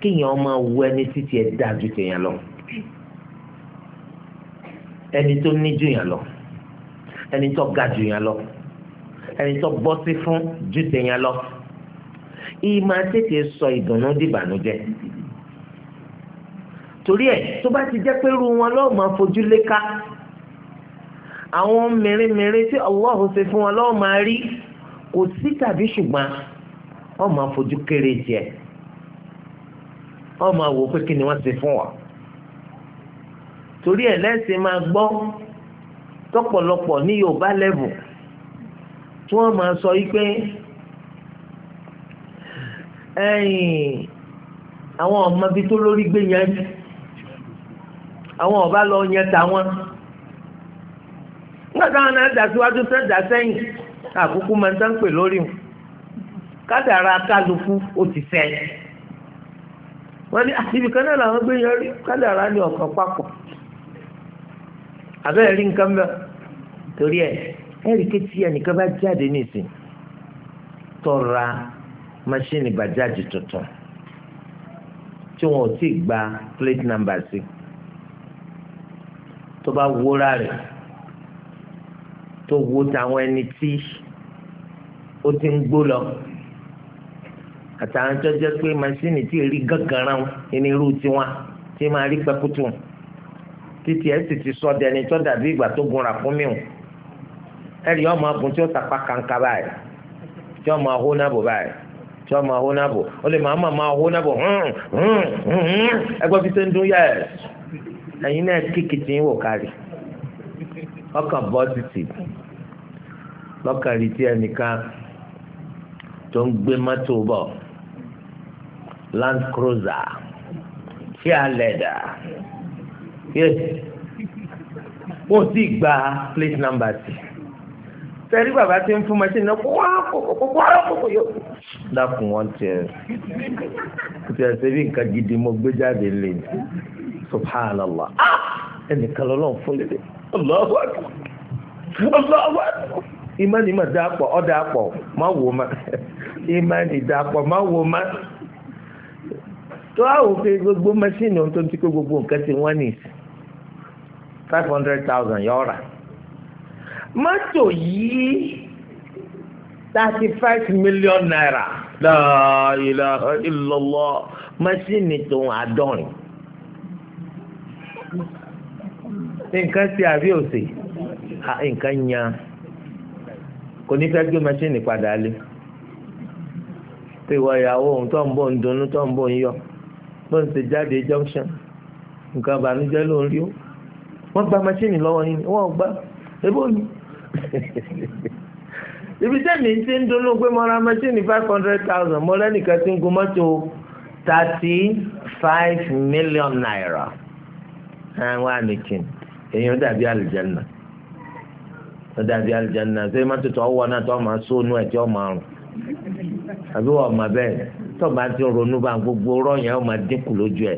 kéèyàn máa wọ ẹni títí ẹ dáa ju tèèyàn lọ ẹni tó ní yàn lọ ẹni tó ga ju yàn lọ ẹni tó bọ́ sí fún ju tèèyàn lọ ìyí máa sọ ìdùnnú dìbànújẹ́ torí ẹ̀ tó bá ti jẹ́ pé irú wọn lọ́ọ́ máa fojú léka àwọn mèremère tí Allah ṣe fún wọn lọ́ọ́ máa rí kò sí tàbí ṣùgbọ́n wọ́n máa fojú kéré jẹ wọ́n máa wò pé kí ni wọ́n ṣe fún wa torí ẹ̀ lẹ́sìn máa gbọ́ tọ́pọ̀lọpọ̀ ní Yorùbá lẹ́bù tí wọ́n máa sọ yìí pé ẹ̀yìn àwọn ọmọ bíi tó lórí gbé yẹn ni àwọn ọba lọ yẹn ta wọn nígbà táwọn náà dàsíwájú tẹ dà sẹ́yìn àkókò máa ń tán pè lórí wọn kádàrá kálukú ó ti fẹ́ wọ́n ní ah, ibìkan náà làwọn gbé yẹn rí kádàrá ní ọ̀kan papọ̀ àbẹ́rẹ́ rí nǹkan bẹ́ẹ̀ torí ẹ̀ ẹ̀rí kétí ẹnìkan bá jáde nìsín tọ́ra máṣíìnì bàjáde tuntun tí wọn ò tí ì gba plate number sí. Si tó bá wóra rẹ̀ tó wo tàwọn ẹni tí ó ti ń gbó lọ àtàwọn tó jẹ́ pé masini tí rí gàngàrà ẹni irú tiwọn tí máa rí pẹkutu títí ẹ sì ti sọ dẹni tó dàbí ìgbà tó gunra fún mi o ẹrí ọmọ ogun tí ó tapá kàńkà báyìí tí ọmọ ahó náà bò báyìí tí ọmọ ahó náà bò ó lè máa máa máa ahó náà bò ẹgbẹ́ fi ṣe ń dún yẹ́ẹ̀sì lẹ́yìn náà kíkìtì ń wò kárì ọkàn bọ́ títì lọ́kàn rí tí ẹnìkan tó ń gbé mọ́tò bọ̀ land cruiser chair leather yé wọ́n sì gba plate number sí sẹ́rí bàbá tí ń fún machine náà kó wá kókó wá kókó yó. dákun wọn tiẹ̀ tiẹ̀ ṣe bí nǹkan gidi mo gbé jáde lé ní subhanallah ah! ẹnìkan lọ́lọ́run fún lélẹ̀ Allahu akbar Allahu akbar ìmánì mà dàpọ̀ ọ́ dàpọ̀ má wò má ìmánì dàpọ̀ má wò má tó àwọn òfin gbogbo mẹ́sìnì ohun tó ti kó gbogbo nǹkan ti wọ́n nìyí five hundred thousand yọ ọ́ra mọ́tò yìí thirty five million naira la ilaha illallah mẹ́sìnì tó àádọ́rin. nǹkan ṣe àbí òsè nǹkan yan kò ní fẹ́ gbé mẹ́ṣíìnì padà lé pé ìwọ ìyàwó òun tó ń bọ̀ ń dunnú tó ń bọ̀ ń yọ bó ń ṣe jáde junction nǹkan ìbànújẹ́ ló ń rí ó wọ́n gba mẹ́ṣíìnì lọ́wọ́ yín wọ́n gba ebó ni ibi tẹ́mi ti ń dunnú pé mo ra mẹ́ṣíìnì five hundred thousand mo lẹ́nìkan ti ń gun mọ́tò thirty five million naira ẹ̀ wá nìkíni èyàn dàbí àlùjánnà ó dàbí àlùjánnà ṣé má tó tó ọwọ́ náà tó máa sónú ẹ̀ tí ó máa rùn àbí wọ́n ọmọ bẹ́ẹ̀ tó bá ti ronú bá gbogbo rọ́ọ̀yàn ó máa dínkù lójú ẹ̀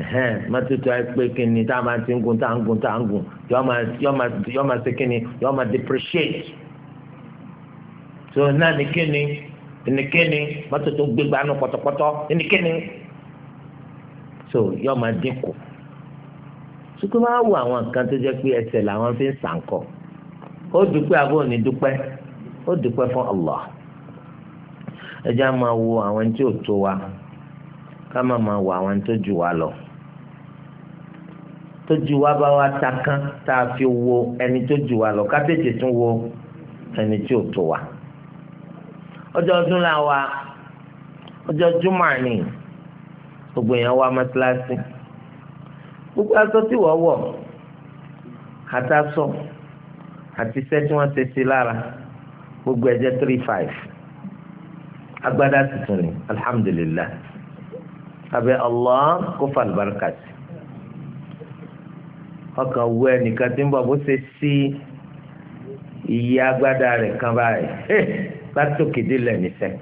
ẹ̀hẹ́n má tó ẹ pé kí tá a máa ti ń gun tá a ń gun tá a ń gun yọ máa ṣe kí yọ máa depreciate so náà ni kí ni ẹnikẹ́ni má tó tó gbégbá nù pọ̀tọ̀pọ̀tọ̀ ẹnikẹ́ni so yọ máa dínkù ṣùgbọ́n máa wo àwọn nǹkan tó jẹ́ pé ẹsẹ̀ làwọn fi ń sànkọ́ ó dúpẹ́ àbọ̀ ní dúpẹ́ ó dúpẹ́ fún Allah ẹ jẹ́ máa wo àwọn tí ò tó wa ká má máa wo àwọn tó jù wá lọ tó jù wá bá wa ta kán tá a fi wo ẹni tó jù wá lọ ká tètè tún wo ẹni tí ò tó wa ọjọ́ ọdún la wa ọjọ́ júmọ̀ ni gbogbo èèyàn wá mọ́tíláṣí gbogbo aṣọ tí wọ́n wọ̀ àtàṣọ àti iṣẹ́ tí wọ́n ti ṣe lára gbogbo ẹ̀jẹ̀ three five agbada tuntun ni alhamdulilah abẹ allah kó fa àlùbáríkà sí ọkàn wú ẹnìkan tí ń bọ̀ bó ṣe sí iye agbada rẹ̀ kan báyìí láti òkèdè lẹ́nu iṣẹ́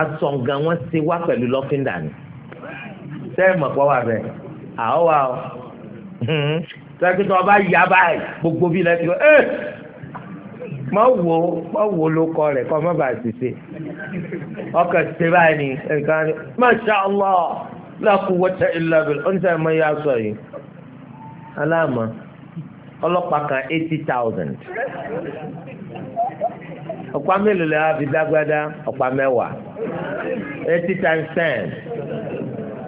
asọ̀ǹgà wọn ṣe wá pẹ̀lú lọ́fíńdà ni sẹ́ẹ̀mọ̀ pọ̀ wà bẹ́ẹ̀ àwọ̀ wà ó sẹ́kítọ̀ ọba yà báyìí gbogbo bí lẹ́sìn ẹ̀ eh! má wo má wo ló kọ rẹ̀ kọ́ má bàa ṣiṣẹ́ ọkọ̀ ṣe báyìí ni ẹ̀ka ni masha allah la quwwata illa billah ọ̀nṣẹ́ ẹ̀ mọ iye aṣọ yìí aláàmà ọlọ́pàá kan eighty thousand ọ̀pá mélòó lè wá fi dágbádá ọ̀pá mẹ́wàá eighty times ten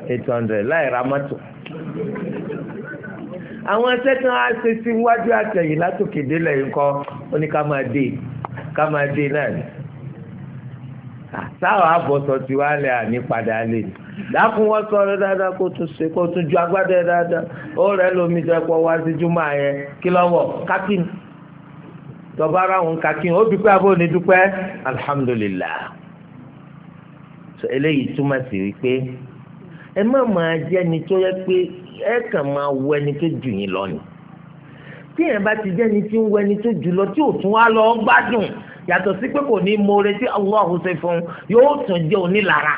eight hundred láì ra mọ́tò àwọn sẹ́tàn á ṣe sí wájú àtẹ̀yìn látòkè délẹ̀ yìí kọ́ ó ní ká máa dé ká máa dé náà ni táwọn abọ́sọ̀ ti wá lẹ̀ àní padà lè ní dákun wọ́n sọ̀rọ̀ dáadáa kó tún ṣe kó tún ju agbádá ẹ̀ dáadáa ó rẹ̀ lómi jẹ́ pọ̀ wá sí júmọ̀ yẹn kí lọ́wọ́ kákìn tọba ara òun kakin ó dúpẹ́ abó ni dúpẹ́ alhamdulillah so eléyìí túmọ̀ sí wípé ẹ má máa jẹ́ ẹni tó yẹ pé ẹ kàn máa wọ ẹni tó jù yín lọ ni tíyẹn bá ti jẹ́ ẹni tí ń wọ ẹni tó jù lọ tí ò tún wá lọ gbádùn yàtọ̀ sí pé kò ní mọ oore tí Allah ṣe fún un yóò tún jẹ́ onílara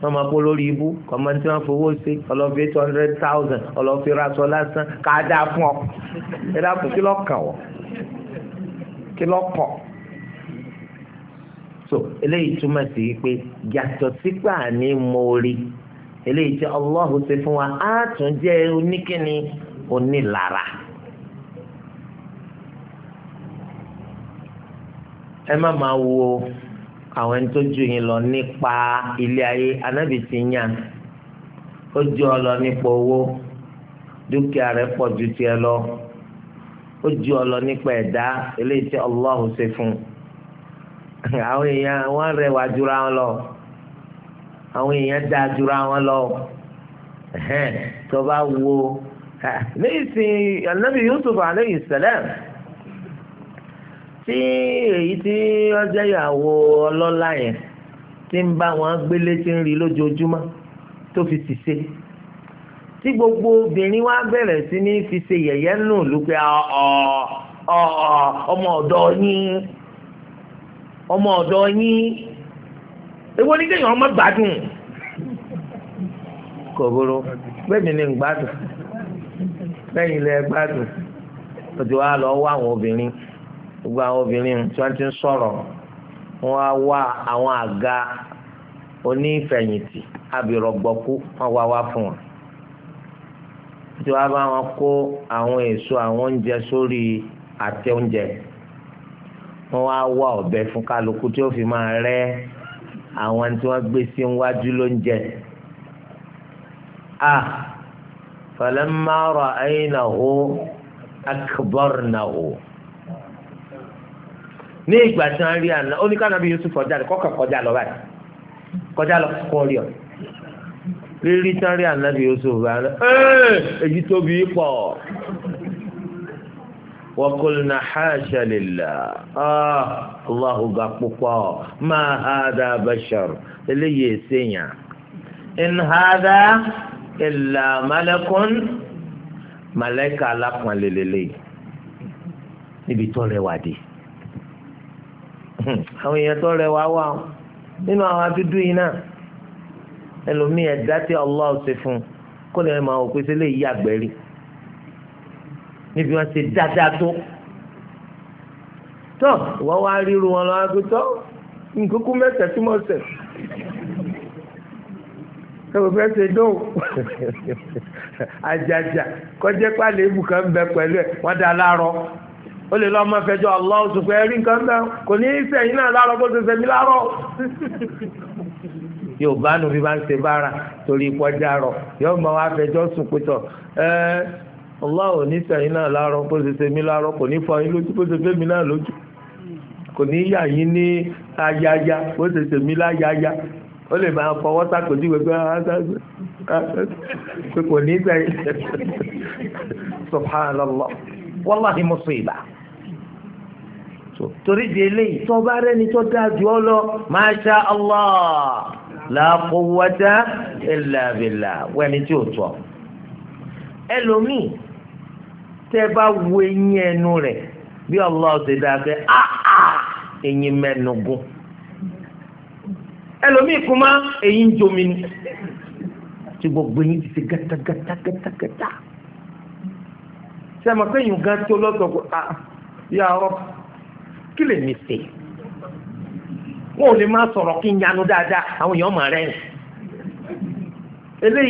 wọ́n máa bó lórí ibú ọmọ tí wọ́n fowó sí ọlọ́fi eight hundred thousand ọlọ́fi raṣọ lásán ká dáa fún ọ ẹ dákun kí lọ́ọ́ kàn kí lọ́ọ́ so eléyìí túmọ̀ sí pé yàtọ̀ sípà ní mórí eléyìí tí Allahu ṣe fún wa á tún jẹ́ oníkíni onílara. ẹ má máa wo àwọn ẹni tó ju yín lọ nípa ilé ayé anábì ti yàn ó ju ọ lọ nípa owó dúkìá rẹ pọ̀ ju tiẹ̀ lọ ó ju ọ lọ nípa ẹ̀dá eléyìí tí Allahu ṣe fún un àwọn èèyàn wọ́n rẹwà jura wọn lọ àwọn èèyàn dáa jura wọn lọ tó bá wo ah, nísìnyí anabi yusuf aleyhi salam tí èyí tí ọjọ́ ìyàwó ọlọ́lá yẹn ti ń bá wọn gbélé tí ń rí lójoojúmọ́ tó fi sì ṣe tí gbogbo obìnrin wa bẹ̀rẹ̀ sí ní fi ṣe yẹ̀yẹ́ nù lùpẹ́ ọmọ ọ̀dọ́ yín ọmọ ọ̀dọ̀ yín èwo ni kéèyàn ọmọ gbádùn kòkòrò bẹ́ẹ̀ ni ń gbádùn bẹ́ẹ̀ ni ẹ gbádùn ó ti wá lọ wá àwọn obìnrin gbogbo àwọn obìnrin tí wọ́n ti ń sọ̀rọ̀ wọ́n á wá àwọn àga onífẹ̀yìntì abìrọ̀gbọ̀kú wọ́n wá wá fún wọn tí wọ́n á bá wọn kó àwọn èso àwọn oúnjẹ sórí àtẹ oúnjẹ yìí wọ́n wá wá ọ̀bẹ fún kálukú tí ó fi máa rẹ́ àwọn tí wọ́n gbé sí iwájú ló ń jẹ. a ah, falamma ra'aynahu akbarnahu ní ìgbà tí wọ́n rí àná ó ní Yusuf kọjá lọ kọ́kàn kọjá lọ báyìí kọjá lọ kọ́ rí ọ rírí tán rí ànábì Yusuf báyìí ẹ èyí tóbi pọ̀. وقلنا حاشا لله آه الله غفوا ما هذا بشر اللي يسينيا إن هذا إلا ملك ملك لقمة للي níbi tó rẹwà dé hmm, àwọn èèyàn tó rẹwà wà ó nínú àwọn adúdú yìí náà ẹlòmíì ẹ̀dá tí Allah ṣe fún kó lè máa òpin sílé yí àgbẹ̀rí níbi wọ́n ṣe dáadáa tó tọ́ ìwọ́n wá ríru wọn lọ́wọ́ pé tọ́ nkúkú mẹ́sẹ̀ tí mo sẹ̀ tọ́wọ́ fẹ́ ṣe dùn àjàjà kọjá pàlẹ́ ibùkún ń bẹ pẹ̀lú ẹ̀ wọ́n dá láàárọ̀ ó lè lọ ọmọ fẹjọ́ Allahu ṣùgbọ́n ẹrí nǹkan bẹ́ẹ̀ kò ní í sẹ́yìn náà láàárọ̀ bó ṣe sẹ́mi láàárọ̀ yóò bá nu bí bá ń ṣe bára torí ìpọ́jà rọ̀ yóò mọ wá fẹjọ́ sùn pé tọ̀ ẹ́ẹ́. Allah ò ní sẹ́yìn náà láàárọ̀ bó ṣe ṣe mí láàárọ̀ kò ní fọ yín lójú bó ṣe fẹ́ mi náà lójú kò ní yà yín ní ayaya bó ṣe ṣe mí láyaya ó lè máa fọwọ́ sàpèjúwe pé pé ah, ah, ah, kò ní sẹ́yìn subhanallah wallahi musiba torí di eléyìí tó bá rẹ́ni tó dáa jù ọ lọ masha Allah la quwwata illa tí ò tọ́ ẹlòmíì tẹ́ bá wo eyín ẹnu rẹ̀ bí Allah ṣe dáa áá ah, ah, eyín ẹlòmíì kún mọ́ jomi ni tí gbogbo eyín ti ṣe gata sẹ́mi pé yìí gan tó lọ́sọ̀ pé ah yà ọ́ kí lè mi wọn ò lè má sọ̀rọ̀ kí n yanu dáadáa àwọn èèyàn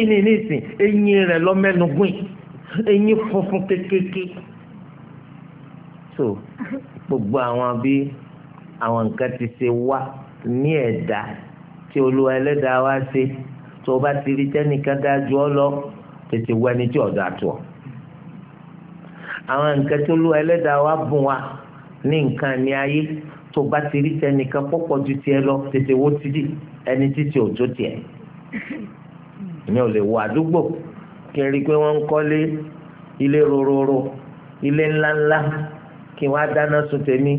ni ní ìsìn eyín rẹ̀ eyín funfun kékeré so gbogbo àwọn bí àwọn nǹkan ti ṣe wá ní ẹ̀dá tí olúwa ẹlẹ́dàá wá ṣe tó o bá ti rí tẹ́nìkan dájú ọ lọ tètè wọ ẹni tí ọ̀dà tó ọ àwọn nǹkan tí olúwa ẹlẹ́dàá wá bùn wa ní nǹkan ní ayé tó bá ti rí tẹnìkan pọ́pọ̀ ju tiẹ̀ lọ tètè wó tìdí ẹni títí òjò tiẹ̀ ìyẹn ò lè wọ àdúgbò kí n rí i pé wọ́n ń kọ́lé ilé rororo ilé ńláńlá kí wọ́n á dáná sun tèmi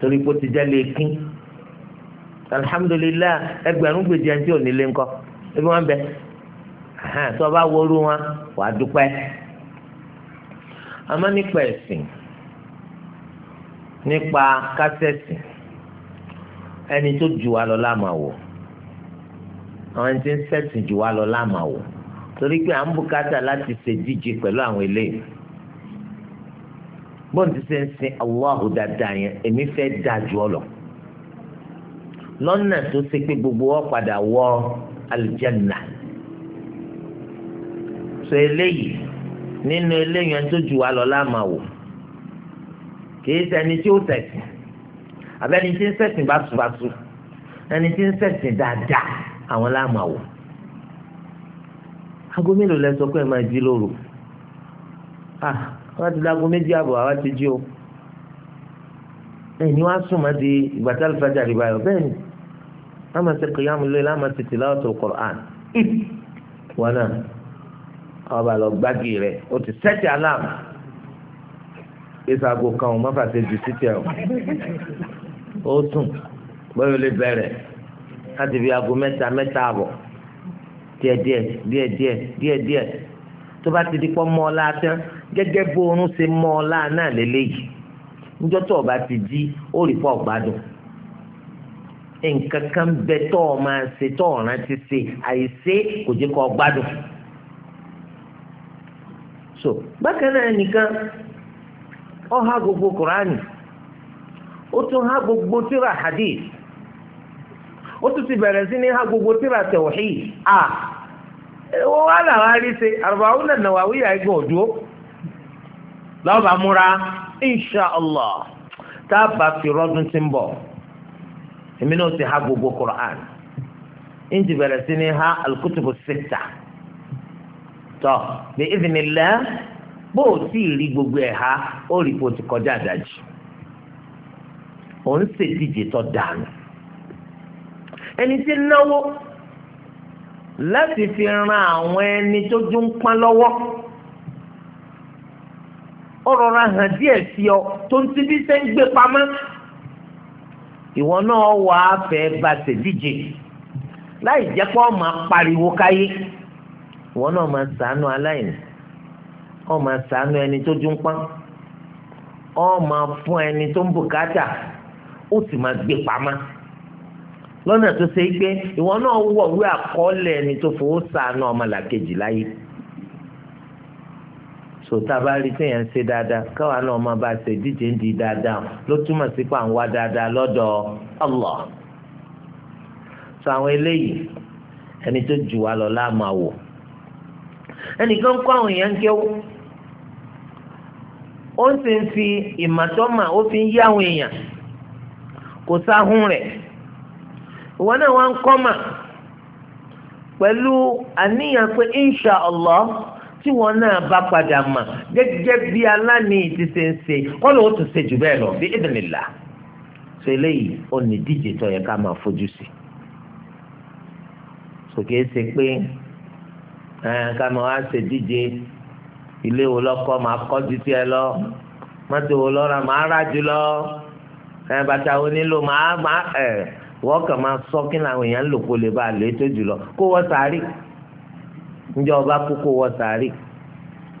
torí pé ó ti jẹ́ lẹ́ẹ̀kín alhamdulilayi ẹgbẹ̀rún gbèjì ẹni tí ò ní lé ńkọ́ ebi wọn bẹ tí wọn bá wọlú wọn wàá dúpẹ́ àmọ́ nípa ẹ̀sìn nípa kásẹ̀sì ẹni tó jù wá lọ láàmà wò àwọn ẹni tí ń sẹ̀sìn jù wá lọ láàmà wò torí pé à ń bùkátà láti ṣe díje pẹ̀lú àwọn eléyìí bọ́n ti ṣe ń sin Allahu dáadáa yẹn èmi fẹ́ dáa jù ọ lọ lọ́nà tó ṣe pé gbogbo ọ padà wọ alìjẹ́nà sọ eléyìí nínú eléyìí ẹni tó jù wá lọ láàmà wò kìí ṣe ẹni tí ó ṣẹ̀sìn àbẹ́ni tí ń ṣẹ̀sìn báṣubàṣu ẹni tí ń ṣẹ̀sìn dáadáa àwọn láàmà wò aago mélòó lẹ sọ pé ẹ máa jí lóru ah wọ́n ti dáago méjì àbọ̀ àwa ti jí o ẹ̀yin wá sùn má di ìgbà tá àlùfáàjà rí báyọ̀ bẹ́ẹ̀ ni wọ́n máa ṣe kìyàmù lóye láwọn máa ṣe tilawatul Qur'an wọn náà àwọn bá lọ gbági rẹ̀ o ti sẹ́tì aláàmù ìsàgò kan ò má fàṣẹ ju títẹ o ó sùn bọ́yọ̀ lè bẹ̀rẹ̀ láti fi aago mẹ́ta mẹ́ta àbọ̀. díẹ̀díẹ̀ díẹ̀díẹ̀ díẹ̀díẹ̀ tó bá ti di pọ́ mọ́ ọ́lá tán gẹ́gẹ́ bó oorun ṣe mọ́ ọ́lá lélẹ́yìí níjọ́ tó o bá ti ó o máa ṣe tó o rántí ṣe àìṣe kò jẹ́ so bákan náà nìkan ó gbogbo kùránì ó tún há gbogbo tírà hadith ó tún ti bẹ̀rẹ̀ sí ní ha gbogbo tíra tẹ̀wọ̀hì à ó wá làwọn aríṣe Arba'un Nawawiyya ẹgbẹ́ òdó lọ́ba múra insha allah tá a bá fi rọ́dún tí ń bọ̀ èmi náà ti ha gbogbo Qur'an ń ti bẹ̀rẹ̀ sí ní ha al-kutubu tọ́ bí ìdìnnìlẹ́ bó o sì rí gbogbo ẹ̀ ha ó rí kó o ti kọjá àdájì òun ṣèdíje tó dànù ẹni tí ń náwó láti fi ran àwọn ẹni tó dún pọ́n lọ́wọ́ ó rọra hàn díẹ̀ sí ọ tó ń tibí sẹ́ ń gbé pamọ́ ìwọ náà wà á fẹ́ bá ṣèdíje láì jẹ́ pé ọmọ pariwo káyé ìwọ náà máa ṣàánú aláìní ọ máa ṣàánú ẹni tó dún pọ́n ọ fún ẹni tó ń bùkátà ó sì máa gbé pamọ́. lọ́nà tó ṣe gbé ìwọ náà wọ̀ wí àkọọ́lẹ̀ ẹni tó fowó sànù ọmọlàkejì láyé sòtá bá rí téèyàn ń ṣe dáadáa káwa náà máa bá ṣe díje ń di dáadáa ló túmọ̀ sí pé ń wá dáadáa lọ́dọ̀ Allah sọ àwọn eléyìí ẹni tó jù wá lọ ẹnìkan kọ́ àwọn èèyàn sì fi ìmọ̀tọ́mà ó ìwọ náà wọ́n ń kọ́mà pẹ̀lú àníyàn pé insha allah tí wọ́n náà bá padà mà gẹ́gẹ́ bí aláni ti ṣe ń ṣe wọ́n lòun tún ṣe jù bẹ́ẹ̀ lọ bí ìdìnnìlá so eléyìí ó ní díje tó yẹ ká máa fojú sí sòkè ṣe pé ká máa wá ṣe díje ilé wo lọ́kọ́ máa kọ́ ju tiẹ̀ lọ mọ́tò wo lọ́ra máa rà jù lọ bàtà onílò máa máa ẹ̀. wọ́n kàn máa sọ kí làwọn èèyàn lò kó lè bá a lè tó jùlọ kó wọ́n sàárì ǹjẹ́ ọba kú kó wọ́n sàárì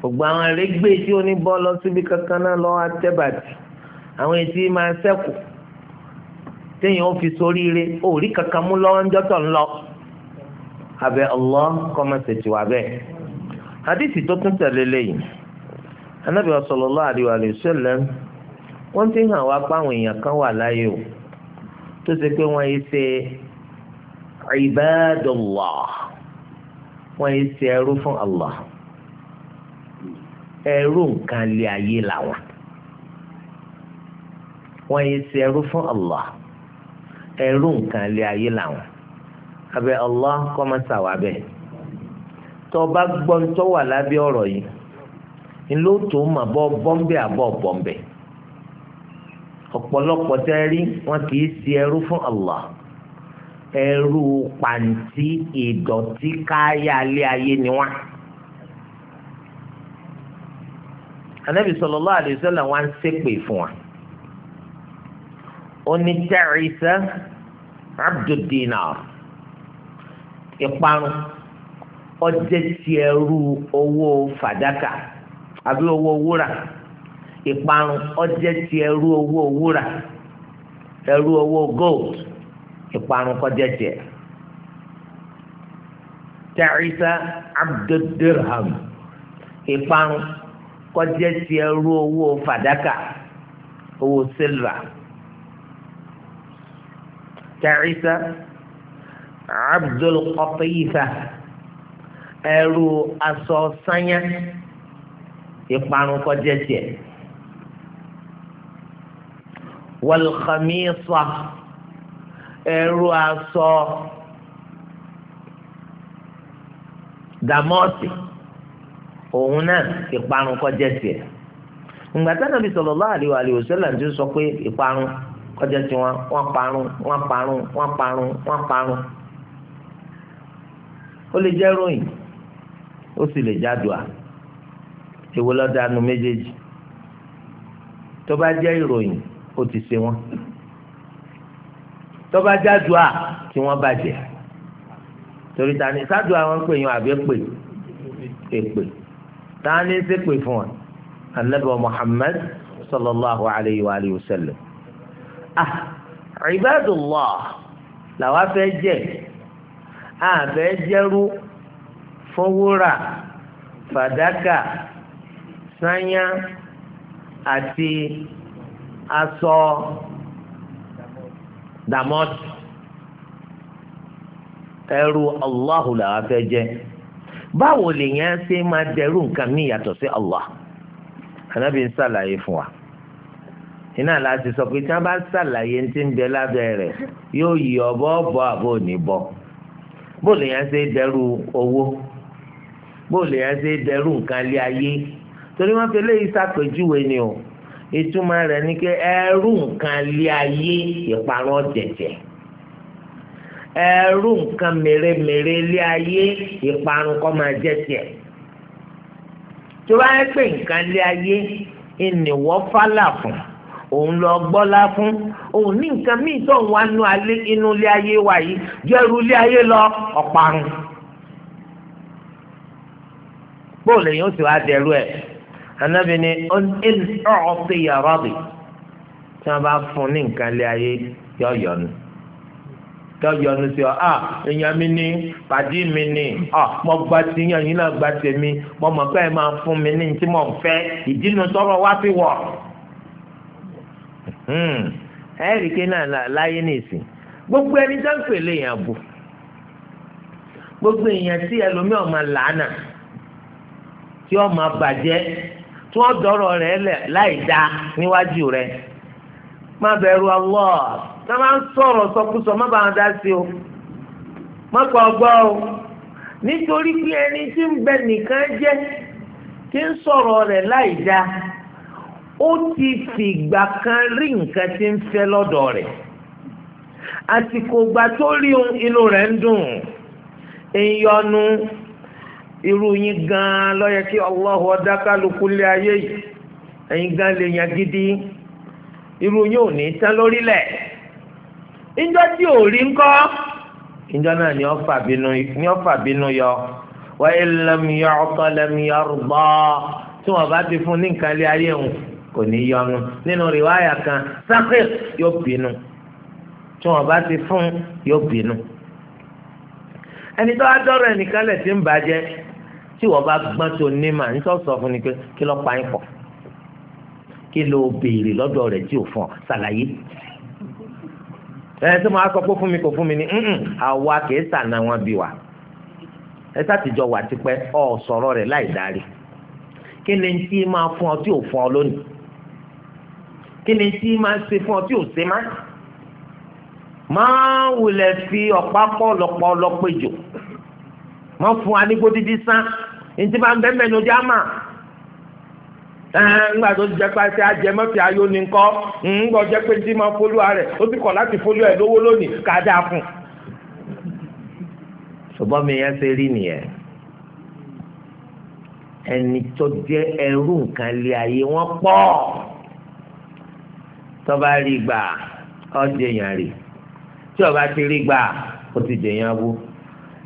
ògbà àwọn arégbè tí ó ní bọ́ lọ síbi kankan náà lọ́wọ́ àtẹ́bàtì àwọn etí máa sẹ́kù téèyàn ó fi soríire kankan mú lọ́wọ́ ń jọ́tọ̀ ńlọ abẹ́ wà bẹ́ẹ̀ tó tún tẹ̀lé èèyàn kan wà o. tó ṣe pé wọ́n yìí ṣe ibadullah wọ́n yìí ṣe ẹrú fún Allah ẹrú nǹkan lé ayé làwọn wọ́n yìí ṣe ẹrú fún Allah ẹrú nǹkan lé ayé làwọn Allah bẹ́ẹ̀ tó bá gbọ́ lábẹ́ ọ̀rọ̀ yìí mà bọ́ bọ́m̀bẹ́ àbọ̀ bọ́m̀bẹ́. ọ̀pọ̀lọpọ̀ tẹ́ rí wọn kì í ṣe ẹrú fún Allah ẹrú pàǹtí ìdọ̀tí káyà lé ayé ni wá. anabi sallallahu alaihi wasallam wá ń ṣépè fún wa ó ní ta'isa abdu ìparun ọjẹ́ ti ẹrú owó fàdákà àbí owó wúrà ìparun ọjẹ́ ti ẹrú owó wúrà ẹrú owó gold ìparun kọjá tiẹ̀. ta'isa abdud dirham ìparun kọjá ti ẹrú owó fàdákà owó silva. ta'isa abdul qatifa ẹrú aṣọ sanya ìparun kọjá tiẹ̀ wàlùkàmíìsà ẹrú aṣọ dàmọ́ọ̀sì òun náà ìparun kọjá tiẹ̀ ngbàtà nàbí sallallahu alaihi wa sallam ti sọ pé ìparun kọjá tiwọn wọ́n parun wọ́n parun wọ́n parun wọ́n parun ó lè jẹ́ ròyìn ó sì lè jádùá èwo lọ́dọ̀ méjèèjì tó bá jẹ́ ìròyìn ó ti ṣe wọn tọ́ba jádùá tí wọ́n bàjẹ́ torí tani sádùá wọn pè yín àbí pè èpè tani ṣe pè fún wọn anabi muhammad sallallahu alayhi wa alihi wa sallam ah ibadullah làwa fẹ́ jẹ́ àbẹ́ jẹ́rú fún fàdákà sáyà àti aṣọ damot ẹrú Allahu wa fẹ́ jẹ́ báwo lèèyàn ṣe máa dẹrú nǹkan míì yàtọ̀ sí Allah anábì ń ṣàlàyé fún wa iná láti sọ pé tí wọn bá ṣàlàyé ti ń bẹ lábẹ́ rẹ̀ yóò yí ọbọ bọ àbò ní bọ bó lèèyàn ṣe dẹrú owó bó lèèyàn ṣe dẹrú nǹkan lé ayé torí wọn fi léyìí ṣàpèjúwe ni o. ìtumọ̀ rẹ̀ ni pé ẹrú nǹkan lé ayé ìparun ọ̀jẹ̀jẹ̀ ẹrú nǹkan mèremère lé ayé ìparun kọ́ máa jẹ́ tiẹ̀ tó bá yẹ pé nǹkan lé ayé ìnìwọ́ fálà fún òun lọ gbọ́lá fún òun ní nǹkan míì tó ń wá inú ilé ayé wa yìí jẹ́rú ilé ayé lọ ọ̀parun bóòlù èèyàn sì wá dẹrú ẹ̀ anabi ni ọ̀ọ́tì yàrá bì tí wọ́n bá fún ní nǹkan lé ayé yọ yọnu tọ́jú ọdún sí ọ à èèyàn mi ní pàdí mi ní ọ mo gba ti yan yín náà gba tèmi mo mọ̀ pé ẹ máa fún mi ní tí mo ń fẹ́ ìdínú tọrọ wá fi wọ̀. Hmm. ẹ rí náà láyé nìsín gbogbo ẹni tó ń pèlè èèyàn bù gbogbo èèyàn tí ẹlòmíì máa làánà tí ọ̀ máa bàjẹ́ tí wọ́n dọ̀rọ̀ rẹ̀ láì dá níwájú rẹ̀ má bẹ̀rù Allah tá a máa ń sọ̀rọ̀ sọkúsọ má bàa dá sí o má pa ọgbọ́ o nítorí pé ẹni tí ń bẹ nìkan jẹ́ tí ń sọ̀rọ̀ rẹ̀ ti fìgbà kan rí nǹkan tí ń fẹ́ lọ́dọ̀ rẹ̀ àsìkò tó rí inú rẹ̀ irú yín gan-an ló kí Allahu ọ̀dá kálukú lé ayé yìí ẹ̀yin gan lè yàn gidi irú yín ò ní tán lórílẹ̀ níjọ́ tí ò rí ńkọ́ níjọ́ náà ni ó fà bínú yọ wa illam yu'ta lam yarda tí wọ́n bá ti fún ní nǹkan lé ayé òun kò ní yọnu nínú rìwáyà kan sakir yóò bínú tí wọn bá ti fún yóò bínú. ẹni tó wá ẹnìkan lẹ̀ ti ń bàjẹ́ tí wọ́n bá gbọ́n tó ní mà ń sọ̀sọ̀ fún ni pé kí lọ́ọ́ pa yín pọ̀ kí ló béèrè lọ́dọ̀ rẹ̀ tí ò fún ọ ṣàlàyé ẹ tí mo á sọ pé fún mi kò fún mi ni àwa kìí sànà wọn bí wa ẹ sàtìjọ wà tipẹ́ ọ sọ̀rọ̀ rẹ̀ láì dárí kí ni tí máa fún ọ tí ò fún ọ lónìí kí ni tí máa ṣe fún ọ tí ò ṣe má máa wulẹ̀ fi ọ̀pá pọ̀ lọ́pọ̀ lọ́pẹ́jọ máa fún wa ní gbódídí sán ntí máa ń bẹ́ẹ̀ mẹ́nu jẹ́ àmà ńgbà tó jẹ́ pé àti ajẹmọ́fì ayọ̀ ni ńkọ́ ńgbà jẹ́ pé ntí máa fólúwa rẹ̀ ó ti kọ̀ láti fólúwa ẹ̀ lówó lónìí ká dáa fún un. ṣùgbọ́n mi yẹn ṣe rí nìyẹn ẹni tó jẹ́ ẹrú nǹkan lé ayé wọn pọ̀ tọ́ba rí gbà ọ́ jẹyàn rí tí ọba ti rí gbà ó ti jẹyàn wó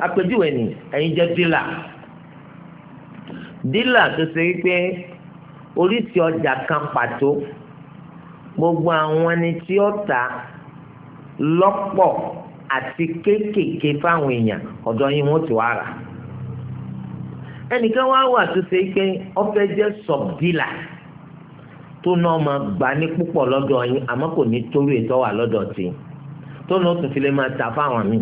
àpèjúwe ni ẹ̀yin jẹ́ dílà dílà tó ṣe wípé oríṣi ọjà kan pàtó gbogbo àwọn ẹni tí ó ta lọ́pọ̀ àti kéékèèké fáwọn èèyàn ọ̀dọ̀ yín wọ́n ti wá rà ẹnìkan wá wà tó ṣe pé ó fẹ́ jẹ́ sọ̀bdílà tó náà máa gbà ní púpọ̀ lọ́dọ̀ yín àmọ́ kò ní torí ètò wà lọ́dọ̀ tí tó náà tún fi lè máa ta fáwọn míì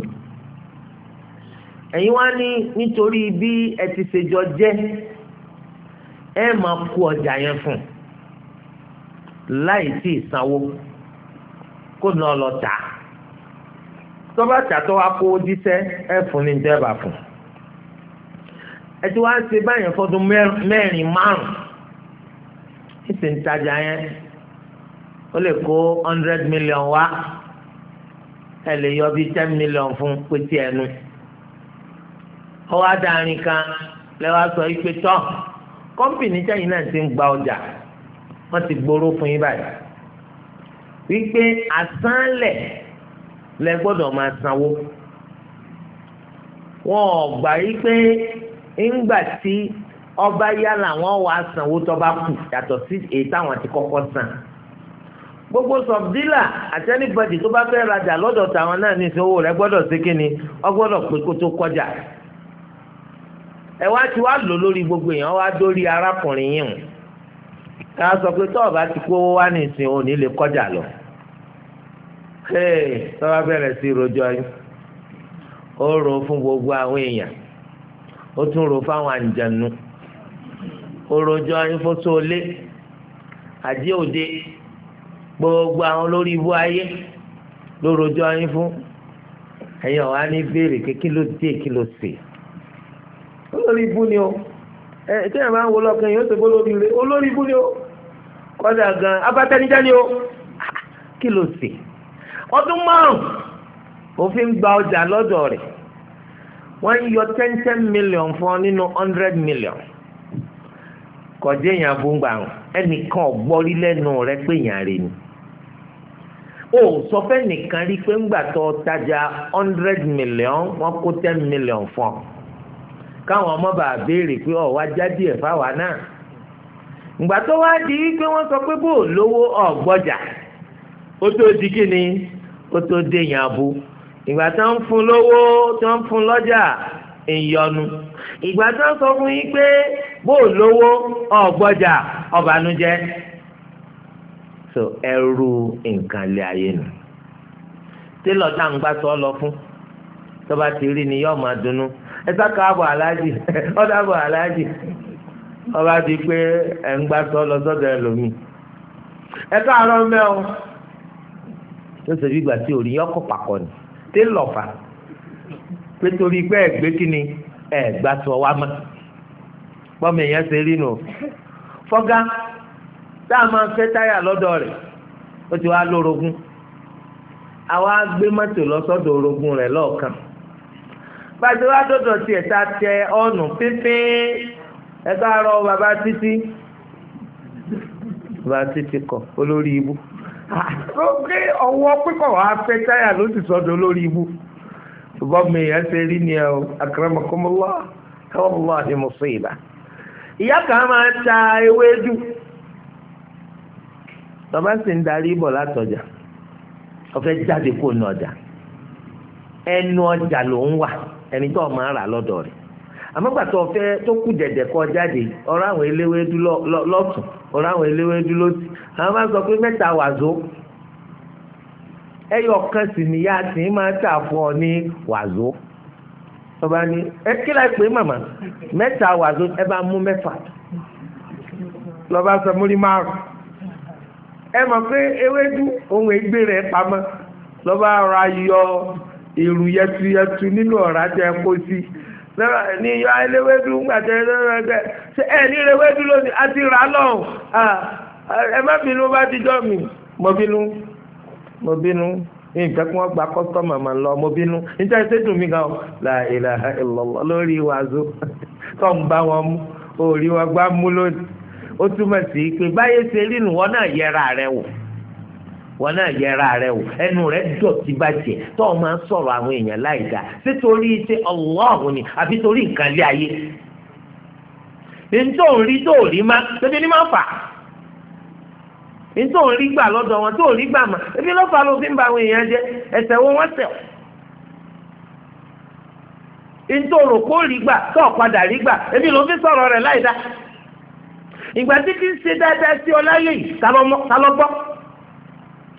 ẹ̀yin wá ní nítorí bí ẹ ti ṣèjọ jẹ́ ẹ máa kó ọjà yẹn fún láì sí ìsanwó kó náà lọ tà á tọ́ba tà tó wá kó jíṣẹ́ ẹ fún ní dẹ́bà fún ẹ ti wá ń ṣe báyẹn fọdún mẹ́rin márùn ìsìn tajà yẹn ó lè kó hundred million wá ẹ lè yọ bíi ten million fún pété ẹnu ọwọ́ adarin kan lẹ́wọ́ sọ ìpè tán. kọ́mpìnì jẹ́yìn náà ti ń gba ọjà wọ́n ti gbóró fún yín báyìí wípé àsánlẹ̀ lẹ gbọ́dọ̀ máa sanwó wọn ò gbà yí pé ńgbà tí ọba yálà wọn wà sanwó tó bá kù yàtọ̀ sí èyí táwọn ti kọ́kọ́ san gbogbo sọ̀bdílà àti anybody tó bá fẹ́ rajà lọ́dọ̀ tàwọn náà ní ìṣòwò rẹ gbọ́dọ̀ ṣe kí ni ọ gbọ́dọ̀ pé kó tó kọjá ẹ wá ti wá lò lórí gbogbo èèyàn wá dórí arákùnrin yìí hùn ká sọ pé tó bá ti kówó wá nìsín òní lè kọjá lọ tó bá bẹ̀rẹ̀ sí rojọ́ yìí ó rò fún gbogbo àwọn èèyàn ó tún rò fáwọn àǹjẹ̀nu ó rojọ́ yìí àdí òde gbogbo àwọn olórí ibú ayé ló rojọ́ yín fún ẹ̀yin kékeré ló dé kí ló sè é olórí ibú ni o tí ẹ̀ máa ń wo lọ́kàn yóò ṣe bó lórí rẹ̀ olórí ibú ni o kọ́dà gan abátẹ́nijá ni o kí ló ṣe ọdún márùn-ún òfin gba ọjà lọ́dọ̀ rẹ̀ wọ́n yọ ten ten million fún ọ nínú hundred million kọjá èèyàn abúngbà ẹnìkan ọ̀gbọ́rí lẹ́nu rẹ pé èèyàn rè ni o sọ fẹ́ nìkan rí pé ńgbà tó tajà hundred million wọ́n kó ten million fún ọ káwọn ọmọ bá béèrè pé ọ̀ wá jáde ẹ̀ fáwa náà ìgbà tó wá di pé wọ́n sọ pé bó lówó ọ̀gbọ́jà ó tó di kí ni ó tó déyàn abú ìgbà tó ń fún lówó tó ń fún lọ́jà ìyọnu ìgbà tó ń sọ fún yín pé lówó so ọ lọ fún tó bá ti rí ni yóò máa ẹ sáka àbọ̀ aláàjì ọ̀dà àbọ̀ aláàjì ọba di pé ẹ̀ ń gbà sọ lọ sọ́dọ̀ ẹ lómi ẹ káàárọ̀ mẹ́wọ́ tó ṣe bí ìgbà tí òrí ọkọ̀ pàkọ́ ni tí ń lọ̀fà pé torí pé ẹ̀ gbé kíni ẹ̀ gbà sọ wá mọ́ pọ́mọ èèyàn ṣe rí nù fọ́gá tá a máa fẹ́ táyà lọ́dọ̀ rẹ̀ ó ti wá lórogún àwa gbé mọ́tò lọ sọ́dọ̀ orogún rẹ̀ lọ́ọ̀kan gbàdé wá dọ̀dọ̀ ta tẹ ọ̀nù pínpín bàbá títí bàbá títí olórí ọwọ́ pípọ̀ wá fẹ́ táyà ló ti sọ́dọ̀ olórí ẹ̀ ṣe rí ni ẹ̀ o akramakumullah káwọ́mọ́lá ni mo sọ ìbá ìyá kan máa ta bàbá sì ń darí látọjà jáde kó nu ọjà ẹnu ọjà ló ẹni tó máa rà lọ́dọ̀ rẹ̀ àmọ́gbà tó fẹ́ tó kù dẹ̀dẹ̀ kọ jáde ọ̀rọ̀ àwọn eléwédú lọ́tún ọ̀rọ̀ àwọn eléwédú lọ́tún àwọn máa sọ pé mẹ́ta wàzó ẹyọ kan sì níyà tí máa tà fún ọ ní wàzó ọba ni ẹ kí láì pé màmá mẹ́ta wàzó ẹ bá mú mẹ́fà lọ́ba sọ múrí márùn ẹ mọ̀ pé ewédú ohun ègbé rẹ̀ pamọ́ lọ́ba ra yọ ìrù yẹtuyẹtu nínú ọ̀rá tẹ kó sí lọ́rọ̀ ní yọ eléwédú gbàtẹ́ lọ́rọ̀ ẹgbẹ́ ṣe ẹ̀ ní eléwédú lónìí a ti rà á lọ́hùn ẹ má bínú bá ti jọ mi mo bínú mo bínú nǹkan kí wọ́n gba kọ́sítọ́mà mà lọ mo bínú níta ẹsẹ̀ dùn mí gan la ilaha illallah lórí wàzó tó ń bá wọn mú òòrí wọn gbá mú lónìí ó túmọ̀ sí pé báyé ṣe rí nù wọ́n náà yẹra rẹ wò. wọn náà yẹra rẹ o ẹnu rẹ dọ̀tí bàjẹ́ tó o máa sọ̀rọ̀ àwọn èèyàn láì dá ṣé torí ṣe ọlọ́ọ̀hún ni àfi torí nǹkan lé ayé ntòrí má ní má fà gbà lọ́dọ̀ wọn tòrí gbà má ebi ló fi ń ba àwọn èèyàn jẹ ẹsẹ̀ wọn wọ́n kó rí ebi ló fi sọ̀rọ̀ rẹ láì dá ìgbà tí kì í ṣe dáadáa sí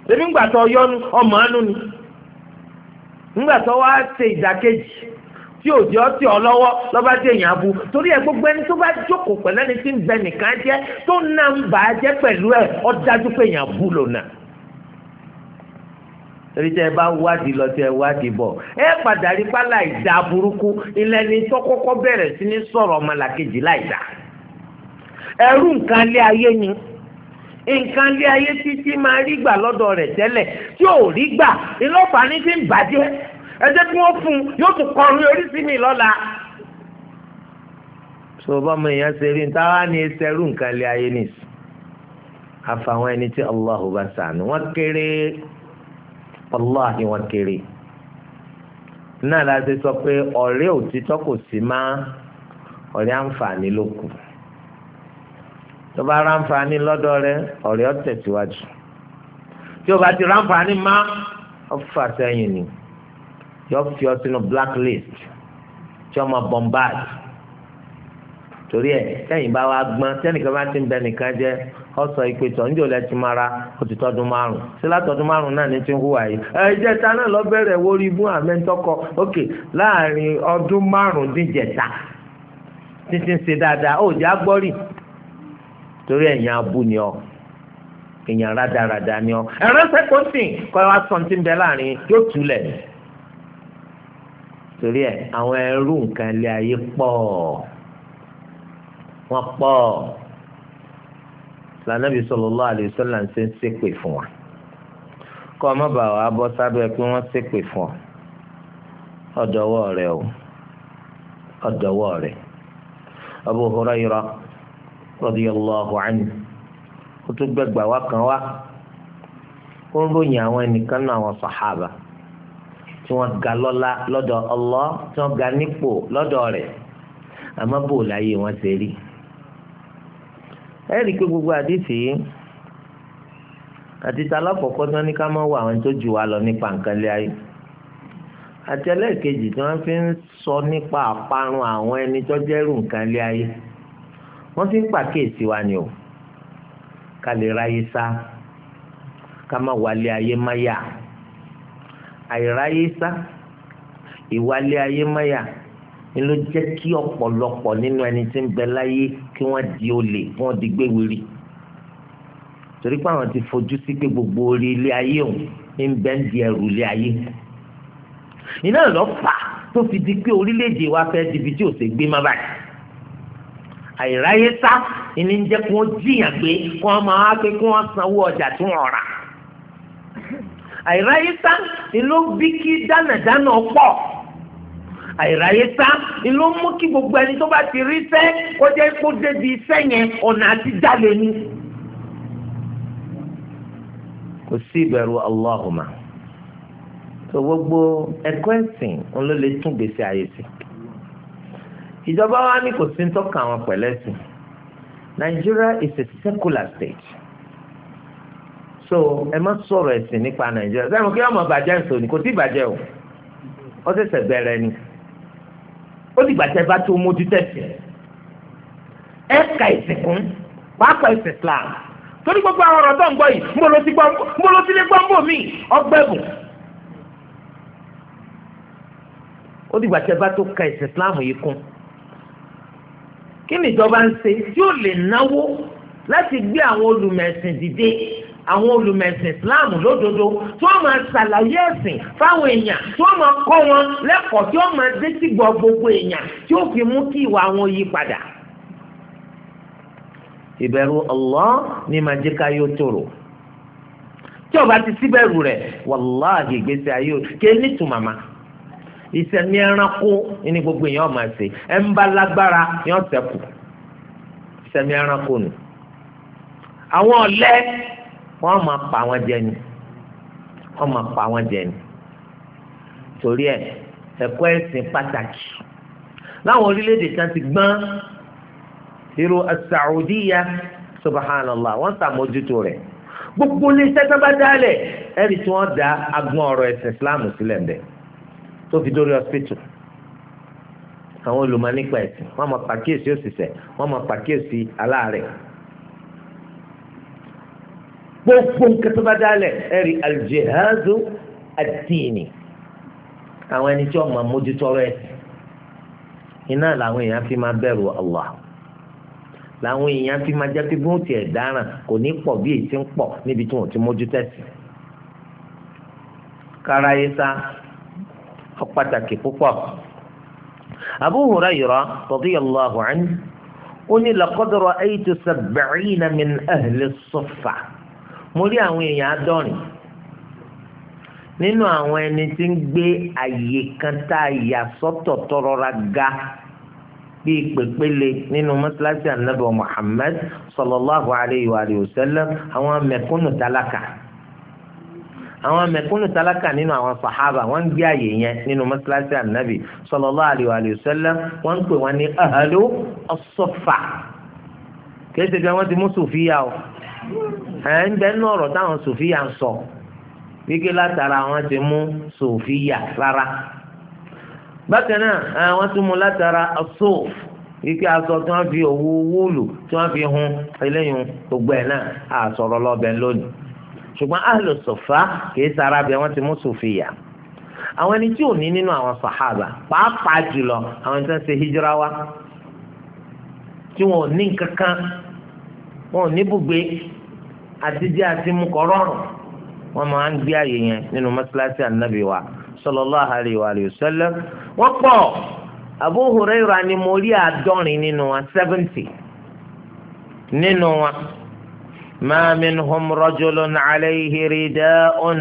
ṣebí ńgbà tó yọnu ọmọ àánú ni ńgbà tó wá ṣe ìdàkejì tí ò jẹ́ ọtí ọlọ́wọ́ lọ́ba jẹ́ èèyàn abu torí ẹ gbogbo ẹni tó bá jókòó pẹ̀lú ẹni tí ń bẹ nìkan jẹ́ tó nà ń bà á jẹ́ pẹ̀lú ẹ̀ ó dájú pé èèyàn abu lò nà. torí tẹ ẹ bá wádìí lọ tẹ ẹ wádìí bọ̀ ẹ padà rí pálá ìdá burúkú ilẹ̀ bẹ̀rẹ̀ sí ní sọ̀rọ̀ ọmọlàkejì ẹrú nǹkan lé ayé ni. nǹkan lé ayé títí máa rí gbà lọ́dọ̀ rẹ̀ tẹ́lẹ̀ tí ò rí gbà ìlọ́pàá ní ti ń bàjẹ́ ẹjẹ́ tí wọ́n fún un yóò tún kọrin oríṣi mi lọ́la. sọ̀rọ̀ ọmọ èèyàn ṣe rí níta wá ní ẹsẹ̀rú nǹkan lé ayé nìs àfàwọn ẹni tí Allah bá sànù wọn kéré Allah ni wọn kéré náà la ṣe sọ pé ọ̀rẹ́ òtítọ́ kò sí má ọ̀rẹ́ àǹfààní ló kù tó bá ráǹfààní lọ́dọ̀ rẹ ọ̀rẹ́ ọ̀ tẹ̀síwájú tí o bá ti ráǹfààní má ọ̀ fà sẹ́yìn ni yọ fi ọ sínú blacklist tí ọmọ bombard torí ẹ sẹ́yìn bá wa gbọ́n sẹ́nìkan bá ti ń bẹ nìkan jẹ́ ọsọ ìpè tó ń jò lẹ́tí mara ó ti tọdún márùn sí látọdún márùn náà ní ti ń hùwà yìí. ẹ ìjẹta náà lọ bẹ̀rẹ̀ wórí ibú àmẹ́ńtọ́kọ òkè láàrin ọdún márùn-ún díjẹta títí ń ṣe dáadáa ó jẹ́ agbọ́rì torí ẹ̀yìn abú ni ọ èèyàn rádaràda ni ọ ẹ̀rọ sẹ́kọ̀ọ́ sìn kọ́ ẹ wá sọ ti ń bẹ láàrin yóò túlẹ̀ torí ẹ̀ àwọn ẹrú nǹkan ilé ayé pọ̀ wọ́n pọ̀ lànà lànàbí sallallahu alaihi wasallam ṣe ń sèpè fún wa kọ́ ọmọ bàbá wa bọ́ sábẹ́ pé wọ́n sèpè fún ọ ọ̀dọ̀wọ́ rẹ o ọ̀dọ̀wọ́ rẹ Abu Hurairah. radiyallahu anhu ó tún gbẹgbà wá kan wá ó ń ròyìn àwọn ẹnìkan àwọn sàhábà tí wọ́n ga lọ́lá lọ́dọ̀ tí wọ́n ga nípò lọ́dọ̀ rẹ̀ ẹ rí i pé gbogbo àdìsí àti tí wọ́n ní lọ nípa nǹkan lé ayé àti ẹlẹ́ẹ̀kejì tí wọ́n fi ń sọ nípa àparun àwọn ẹni tó wọ́n fi ń pàkíyèsí wa ni o ká lè ráyé sá ká má wálé ayé máyà àìráyé sá ìwálé ayé máyà ni ló jẹ́ kí ọ̀pọ̀lọpọ̀ nínú ẹni tí ń bẹ láyé kí wọ́n di olè kí wọ́n di gbéwìrì torí pé àwọn ti fojú sí pé gbogbo orí ilé ayé òun ń bẹ ń di ẹrù ilé ayé iná lọ tó fi di pé orílẹ̀-èdè wa fẹ́ di ibi tí ò ṣe gbé má báyìí àìráyé sá ìní ń jẹ́ kí wọ́n jiyàn pé kí wọ́n máa pé kí wọ́n sanwó ọjà tí wọ́n rà àìráyé sá ìlú bí kí dánàdánà pọ̀ àìráyé sá ìlú mú kí gbogbo ẹni tó bá ti rí sẹ́ kó jẹ́ kó débi iṣẹ́ yẹn ọ̀nà àti jáde ni kò sí ìbẹ̀rù Allahumma tó gbogbo ẹ̀kọ́ ẹ̀sìn òun ló lè tún gbèsè àyè sí ìjọba wa ní kò sí ń tọ́ka àwọn pẹ̀lẹ́sìn Nigeria is a secular state so ẹ má sọ̀rọ̀ ẹ̀sìn nípa Nigeria sẹ́yìn kí ọmọ bàjẹ́ ń ni kò tí bàjẹ́ o ó ṣẹ̀ṣẹ̀ bẹ̀rẹ̀ ni ó dìgbà tẹ́ bá tó mójú tẹ̀sí ẹ ka ìsìnkún pàápàá ìsìn Islam torí gbogbo àwọn ọ̀rọ̀ tó ń gbọ́ yìí mo lọ sílé gbọ́ngbò mi ọgbẹ́bùn ó dìgbà tẹ́ bá tó ka ìsìn Islam yìí kún kí nìjọba ń ṣe tí ó lè náwó láti gbé àwọn olùmẹ̀sìn dìde àwọn olùmẹ̀sìn islam lódodo tí wọ́n máa ṣàlàyé ẹ̀sìn fáwọn èèyàn tí wọ́n máa kọ́ wọn lẹ́kọ̀ọ́ tí wọ́n máa dé gbọ́ gbogbo èèyàn tí ó fi mú kí ìwà wọn yí padà. ìbẹ̀rù Allah ni máa jẹ́ ká yóò tòrò tí ọba ti síbẹ̀rù rẹ̀ wàláhì ìgbésí ayé ò kéé nítumàmá ìsẹ̀mí ẹranko ní gbogbo èèyàn máa ṣe ẹ̀ ń bá lágbára yóò ṣẹ́kù ìsẹ̀mí ẹranko nù. àwọn ọ̀lẹ́ wọ́n máa pa àwọn jẹ ni wọ́n máa pa àwọn jẹ ni torí ẹ̀ ẹ̀kọ́ ẹ̀sìn pàtàkì láwọn orílẹ̀-èdè kan ti gbọ́n irú Saudiya subhanallah wọ́n ṣàmójútó rẹ̀ gbogbo iléeṣẹ́ tó bá dálẹ̀ ẹ̀rí tí wọ́n da agbọ́n ọ̀rọ̀ ẹ̀sìn Islam sílẹ̀ bẹ́ẹ̀ tó fi dórí hospital àwọn olùmọ̀ nípa ẹ̀sìn wọ́n ma pàkíyèsí òṣìṣẹ́ wọ́n máa pàkíyèsí aláàárẹ̀ gbogbo nǹkan tó bá dálẹ̀ ẹ̀rí aljihazu ad àwọn ẹni tí wọ́n máa mójútó ọ̀rọ̀ iná làwọn èèyàn fi máa bẹ̀rù Allah làwọn èèyàn fi máa jẹ́ pé bí wọ́n ti ẹ̀ kò ní pọ̀ bí èyí ti ń pọ̀ níbi tí wọ́n ti ó pàtàkì púpọ̀ Abu Hurairah radiyallahu anhu ó ní laqad ra'aytu sab'ina min ahli as-suffa mo rí àwọn èèyàn àádọ́rin nínú àwọn ẹni tí ń gbé àyè kan tá a yà sọ́tọ̀ tọrọra ga bíi pèpele nínú mọ́sálásí ànábọ̀ Muhammad sallallahu alayhi wa sallam àwọn mẹ̀kúnnù tálákà àwọn mẹ̀kúnnù tálákà nínú àwọn sàhábà wọ́n ń gbé àyè yẹn nínú mọ́sálásí ànábì sallallahu alaihi wa sallam wọ́n ń pè wọ́n ní ahlu as-suffa kìí ṣe pé wọ́n ti mú sùfíà o ẹ̀ ń bẹ́ẹ̀ nú ọ̀rọ̀ táwọn sùfíà ń sọ wíkẹ́ látara wọ́n ti mú sùfíà rárá bákan náà wọ́n tún mú látara as-suf aṣọ tí wọ́n fi òwú wóòlù tí wọ́n fi hun eléyìí gbogbo ẹ̀ náà àṣọ̀rọ̀ lọ́bẹ̀ lónìí ṣùgbọ́n ahlu sọ̀fà kìí sara bí wọ́n ti mú sùfìyà àwọn ẹni tí ò ní nínú àwọn sàhábà pàápàá jùlọ àwọn tí wọ́n ṣe hijira wa tí wọn ò ní kankan wọn ò ní bùgbé àtijọ́ àti mukọ̀rọ̀rùn wọn máa ń gbé àyè yẹn nínú mọ́sálásí ànábì wa sallallahu alayhi wa sallam wọ́n pọ̀ Abu Hurairah ni mo rí àádọ́rin nínú wa seventy nínú wa. ما منهم رجل عليه رداء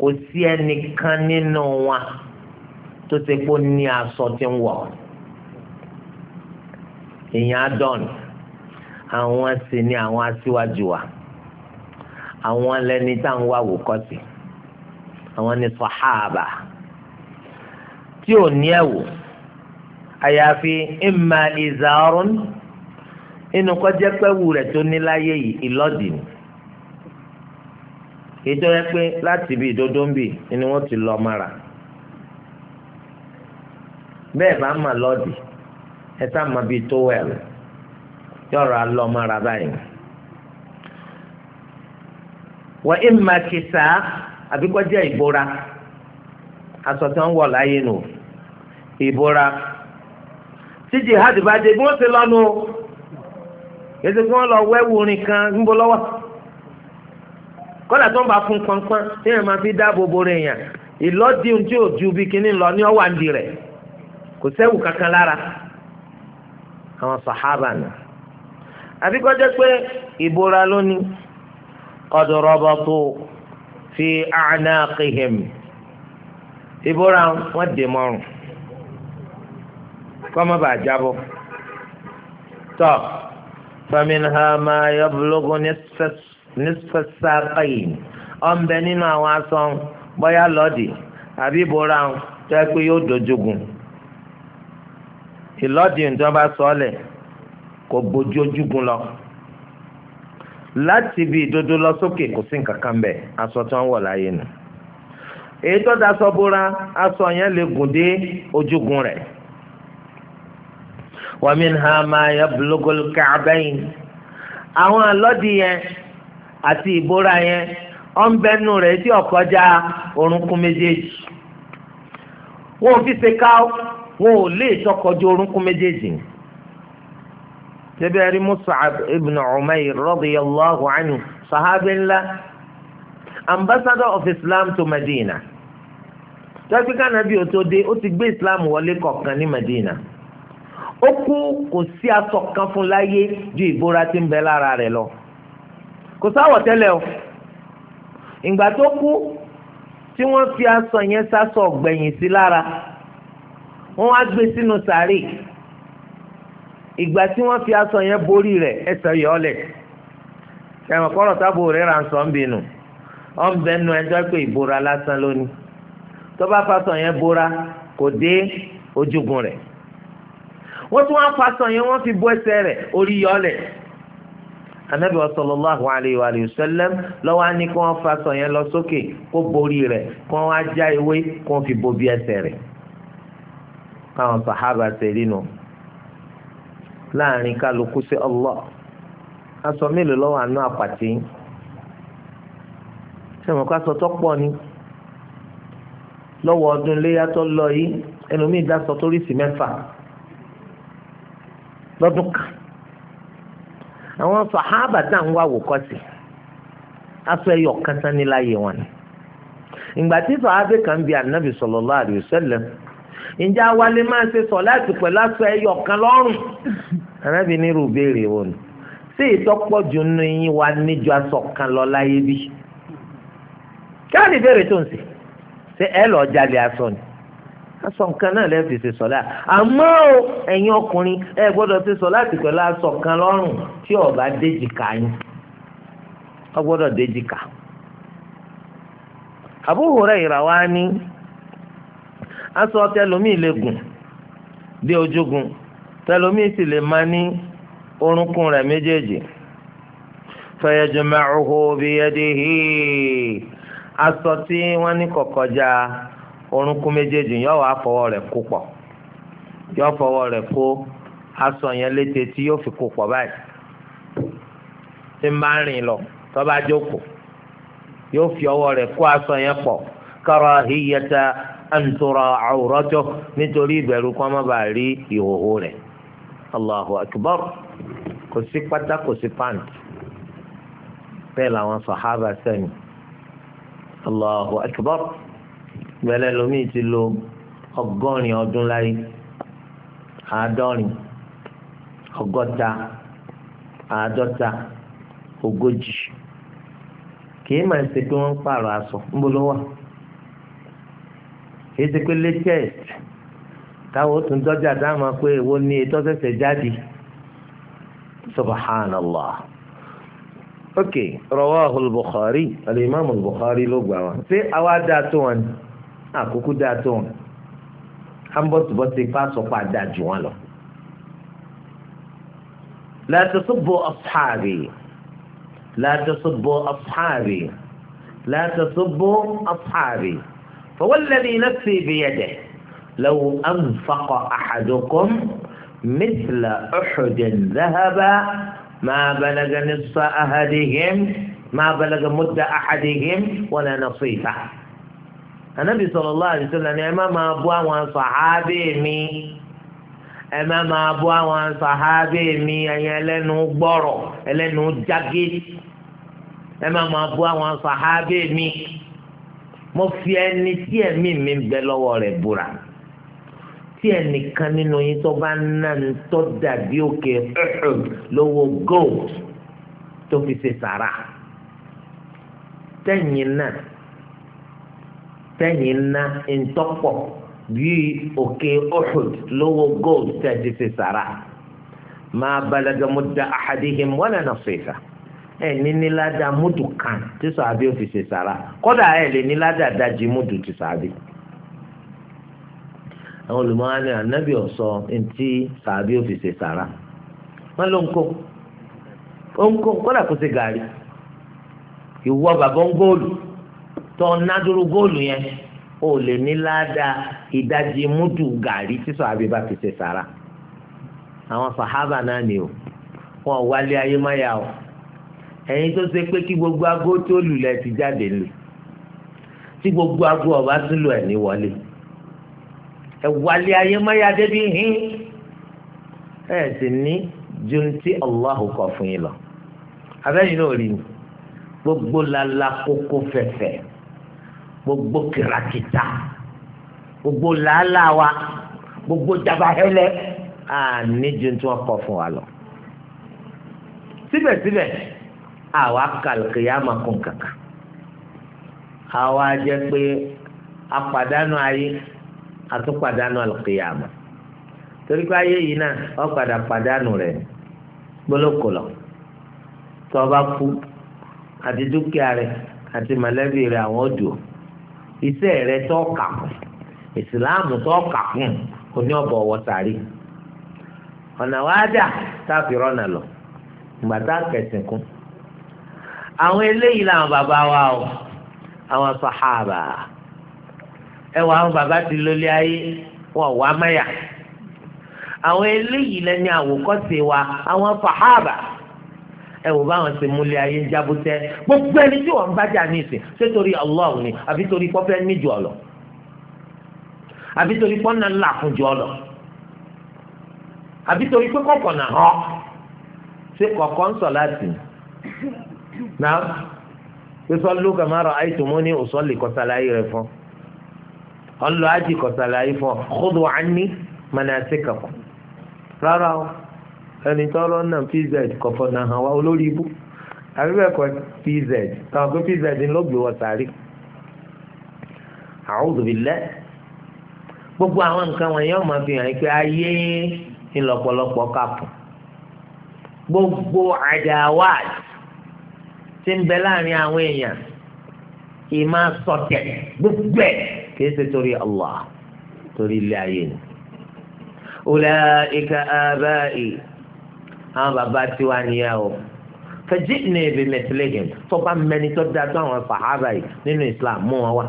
kò sí ẹnìkan nínú wa tó ti kó ní aṣọ tí ń wọ̀ èèyàn adọ́n àwọn sì ni àwọn aṣíwájú wa àwọn lẹni tá ń wá wòkọ́sì àwọn ni sàhábà tí ò ní ẹ̀wù àyàfi imma ìzàrún. inú kọjá pẹ́wù rẹ̀ tó ní láyé yìí ìlọ́dì ni yẹ pé láti ibi ìdodo ń ni wọ́n ti lọ mara bẹ́ẹ̀ bá mà lọ́dì ẹ sá mà bíi tó wẹ̀ lọ mara báyìí wọ́n ẹ̀ mà kìsà àbíkọ́jẹ́ ìbora aṣọ wọ̀ láyé nù ìbora bá yẹtí kí wọ́n lọ wẹ́wù orin kan ń bọ́ lọ́wọ́ kọ́dà tó ń bá fún pọnpọ́n tí èèyàn máa fi dáàbò borí èèyàn ìlọ́dí tí ò ju bí kíní lọ ní ọwà ń di kò sẹ́wù kankan lára àwọn sàhábà nà àbíkọ́jẹ́ pé ìbora lónìí qad rabatu fi a'naqihim ìbora wọn dè mọ́rùn kọ́ mọ́ bàa jábọ́ tọ́. So, فمنها ما يبلغ نصف نصف الساقين ọ̀nbẹ nínú àwọn aṣọ bóyá lọ́ọ̀dì àbí ìbora tó yẹ pé yóò dojogun ìlọ́ọ̀dì tí wọ́n bá sọ ọ́ lẹ̀ kò bójú ojúgun lọ láti ibi ìdodo lọ sókè kò sí nǹkan kan bẹ̀ aṣọ tí bora aṣọ yẹn lè gùn dé ojúgun wa minha ma yablugul ka'bayn àwọn àlọ́dì yẹn àti ìbora yẹn ọ̀nbẹ́nu rẹ̀ tí ọ̀kọjá orúnkún méjèèjì wọn fi ṣe ká wọn ò lè tọkọjú orúnkún méjèèjì tẹ́bẹ̀rí Mus'ab ibn anhu sahabi ńlá ambassador of Islam to Medina tọ́sí tó dé ti gbé Islam wọlé kọ̀ọ̀kan ní Medina. ó kú kò sí aṣọ kan fún láyé ju ìbora tí ń bẹ lára rẹ̀ lọ kò sáwọ̀ tẹ́lẹ̀ o ìgbà tó kú tí wọ́n fi aṣọ yẹn sásọ gbẹ̀yìn sí lára wọ́n á gbé sínú sàárè ìgbà tí wọ́n fi aṣọ yẹn borí rẹ̀ ẹsẹ̀ yọ ọ́lẹ̀ ẹ̀wọ̀n kọ́rọ̀ sábò rẹ̀ ra nsọ̀ ń bínú ọ̀nbẹ nu ẹjọ́ pé ìbora lásán lónìí tó bá fasọ̀ yẹn bora kò dé ojúgun rẹ̀ wọ́n tún wá fasọ yẹn wọ́n fi bó ẹsẹ̀ rẹ̀ orí yọlẹ̀ anabi sallallahu alayhi wa sallam lọ́wọ́ á ní kí wọ́n fasọ yẹn lọ sókè kó borí rẹ̀ kí wọ́n wá já ewé kí wọ́n fi bó bí ẹsẹ̀ rẹ̀ káwọn sàhábà ṣe rí nu láàrin kálukú sí Allah aṣọ mélòó lọ́wọ́ àánú àpàtì ṣé mo ká sọ tọ́pọ̀ ni lọ́wọ́ ọdún léyàtọ̀ lọ yìí ẹnu mi dá sọ rí sí mẹ́fà lọ́dún kan àwọn sàhábà náà ń wá wòkọ́sì aṣọ ẹyọ kan sani láàyè wọn ni ìgbà tí sàhábà kan bí anabi sallallahu alaihi wasallam ǹjẹ́ awalẹ̀ máa ṣe sọ láti pẹ̀lú aṣọ ẹyọ kan lọ́rùn anabi ní irú béèrè wọn ni ṣé ìtọ́pọ̀jù nínú yín wa níjọ aṣọ kan lọ láyé bí kí á lè béèrè tó ń sè ṣé ẹ lọ́ọ́ jalè aṣọ ni aṣọ nǹkan náà lẹ́ẹ̀ fi ṣe sọ̀lá àmọ́ o ẹ̀yin ọkùnrin ẹ gbọ́dọ̀ ṣe sọ láti pẹ̀lú aṣọ kan lọ́rùn tí ó bá déjìká yín ó gbọ́dọ̀ déjìká. Abu Hurairah wa ní aṣọ tẹlomi lè gùn bí ojúgun tẹlomi sì lè máa ní orúnkún rẹ̀ méjèèjì fayajma'uhu biyadihi aṣọ tí wọ́n ní kọ̀kọ́já. orúnkún méjèèjì yóò wá fọwọ́ rẹ̀ kó pọ̀ yóò fọwọ́ rẹ̀ kó aṣọ yẹn létí tí yóò fi kó pọ̀ báyìí tí ń bá rìn lọ tó bá jókòó yóò fi ọwọ́ rẹ̀ kó aṣọ yẹn pọ̀ karahiyata an tura awratuh nítorí ìbẹ̀rù kó má bàa rí ìhòhò rẹ̀ allahu akbar kò sí pátá kò sí pàǹtì bẹ́ẹ̀ làwọn sàhábà allahu akbar. gbẹlẹ lomi ti lo ọgọ́rin ọdún láyé àádọ́rin ọgọ́ta àádọ́ta ogójì kìí máa ṣe pé wọ́n ń pààrọ̀ aṣọ níbo ló wà kìí ṣe pé latest táwọn ó tún dọ́jà dáhùn máa pé èwo ni ètò ọ̀sẹ̀sẹ̀ jáde subhanallah ok rawahu al-Bukhari al ló gbà wá ṣé àwa dáa tó wọn ni. àkókò dáa tó ń ambọ̀tìbọ̀tì ipá sọ̀pọ̀ àdá jù wọn lọ. la tasubbu ashabi la tasubbu ashabi la tasubbu ashabi fawalladhi nafsi biyadihi law anfaqa ahadukum مثل أحد ذهبا ما بلغ نصف أحدهم ما بلغ مد أحدهم ولا نصيفه anabi sallallahu alaihi wasallam ni ẹ má máa bú àwọn sàhábì mi ẹ má máa bú àwọn sàhábì mi ẹ̀yin ẹlẹ́nu gbọ́rọ̀ ẹlẹ́nu jágé ẹ má máa bú àwọn sàhábì mi mo fi ẹni tí ẹ̀mí mi bẹ lọ́wọ́ rẹ̀ búra tí ẹnìkan nínú yín tó bá ná ní tó dàbí òkè lówó gold tó fi ṣe sàrà tẹ̀yìn náà tẹ́yìn ná ntọ́pọ̀ bíi òkè Uhud lówó gold tẹ́jú sí sàrà máa balẹ̀gàmú da àhàdìhìm wọ́n lẹ́nu fèèfà ẹ̀ ní níládà múdù kan tí sàbí ò fi ṣe sàrà kódà ẹ̀ lè níládà dájì múdù ti sàbí. àwọn olùmọ̀ọ́ ni ànábì ọ̀sọ́ ntí sàbí ò fi ṣe sàrà wọ́n ló ń kó ó ń kó kódà kó ṣe gàrí ìwọ bàbá ń góòlù tó nádúró góòlù yẹn o lè ní ládàá ìdajì múdù gàrí sísọ àbíbá fi ṣe sàrà àwọn sàhábà náà ni o wọn wálé ayé máyà o ẹ̀yin tó ṣe pé kí gbogbo aago tó lù lẹ ti jáde lù tí gbogbo aago ọba tún lù ẹ ní wọlé ẹ wálé ayé máyà débi hín ẹ sì ní ju ti Allahu kọ fún yín lọ abẹ́yìn náà rí gbogbo lala kókó fẹ̀fẹ̀ gbogbo kìràkìtà gbogbo làálàá wa gbogbo jabahẹlẹ àníjù tí wọn kọ fún wa lọ síbẹ̀síbẹ̀ àwa kàlùkìyà máa kún kankan àwa jẹ́ pé apàdánù ayé àtúpàdánù àlùkìyà máa torí pé ayé yìí náà ó padà pàdánù rẹ̀ gbólókò lọ tó kú àti dúkìá rẹ̀ àti mọ̀lẹ́bí rẹ̀ àwọn ò dùn. iṣẹ́ rẹ tó kà ìsìláàmù tó kà fún kò ọ̀bọ̀ ọ̀nà wàá dà tá a rọ́nà lọ ìgbà tá àwọn eléyìí làwọn bàbá wa o àwọn sàhábà ẹ wọ àwọn bàbá ti lólé ayé wọn wà máyà àwọn eléyìí lẹni wa àwọn ẹ wò báwọn ṣe múlẹ̀ ayé ń jábútẹ́ gbogbo ẹni tí wọ́n ń bájà ní ìsìn ṣé torí Allah ni àbí torí pọ́fẹ́ níjù ọ̀lọ́ àbí torí pọ́nà ńlá fún jù ọ̀lọ́ àbí torí pé kọ̀kọ̀ nà hàn ṣé kọ̀kọ́ ń sọ láti náà ṣé sọ́lú kàmáàrọ̀ àìtùmọ́ni òṣọ́lì kọ̀sálàyé rẹ̀ fún ọ̀nlọ́ àjì kọ̀sálàyé fún khudhu anni manasikakum rárá o. ẹni tọrọ náà pz kọfọnà hàn wá olórí ibú àbíbẹ̀kọ pz táwọn pé pz ń gbé wọ gbogbo àwọn nǹkan wọ̀nyí ọmọ fi hàn pé ayé gbogbo àdáwàd tí ń bẹ láàrin àwọn èèyàn ìmá sọtẹ gbogbo ẹ kìí ṣe torí Allah torí ilé ayé ni. ulaika abai. àwọn bàbá tiwa nìyẹn o fẹjí ní ibi mẹtìlẹgìn tó bá mẹni tó dáa tó àwọn sàhábà yìí nínú islam mú wọn wá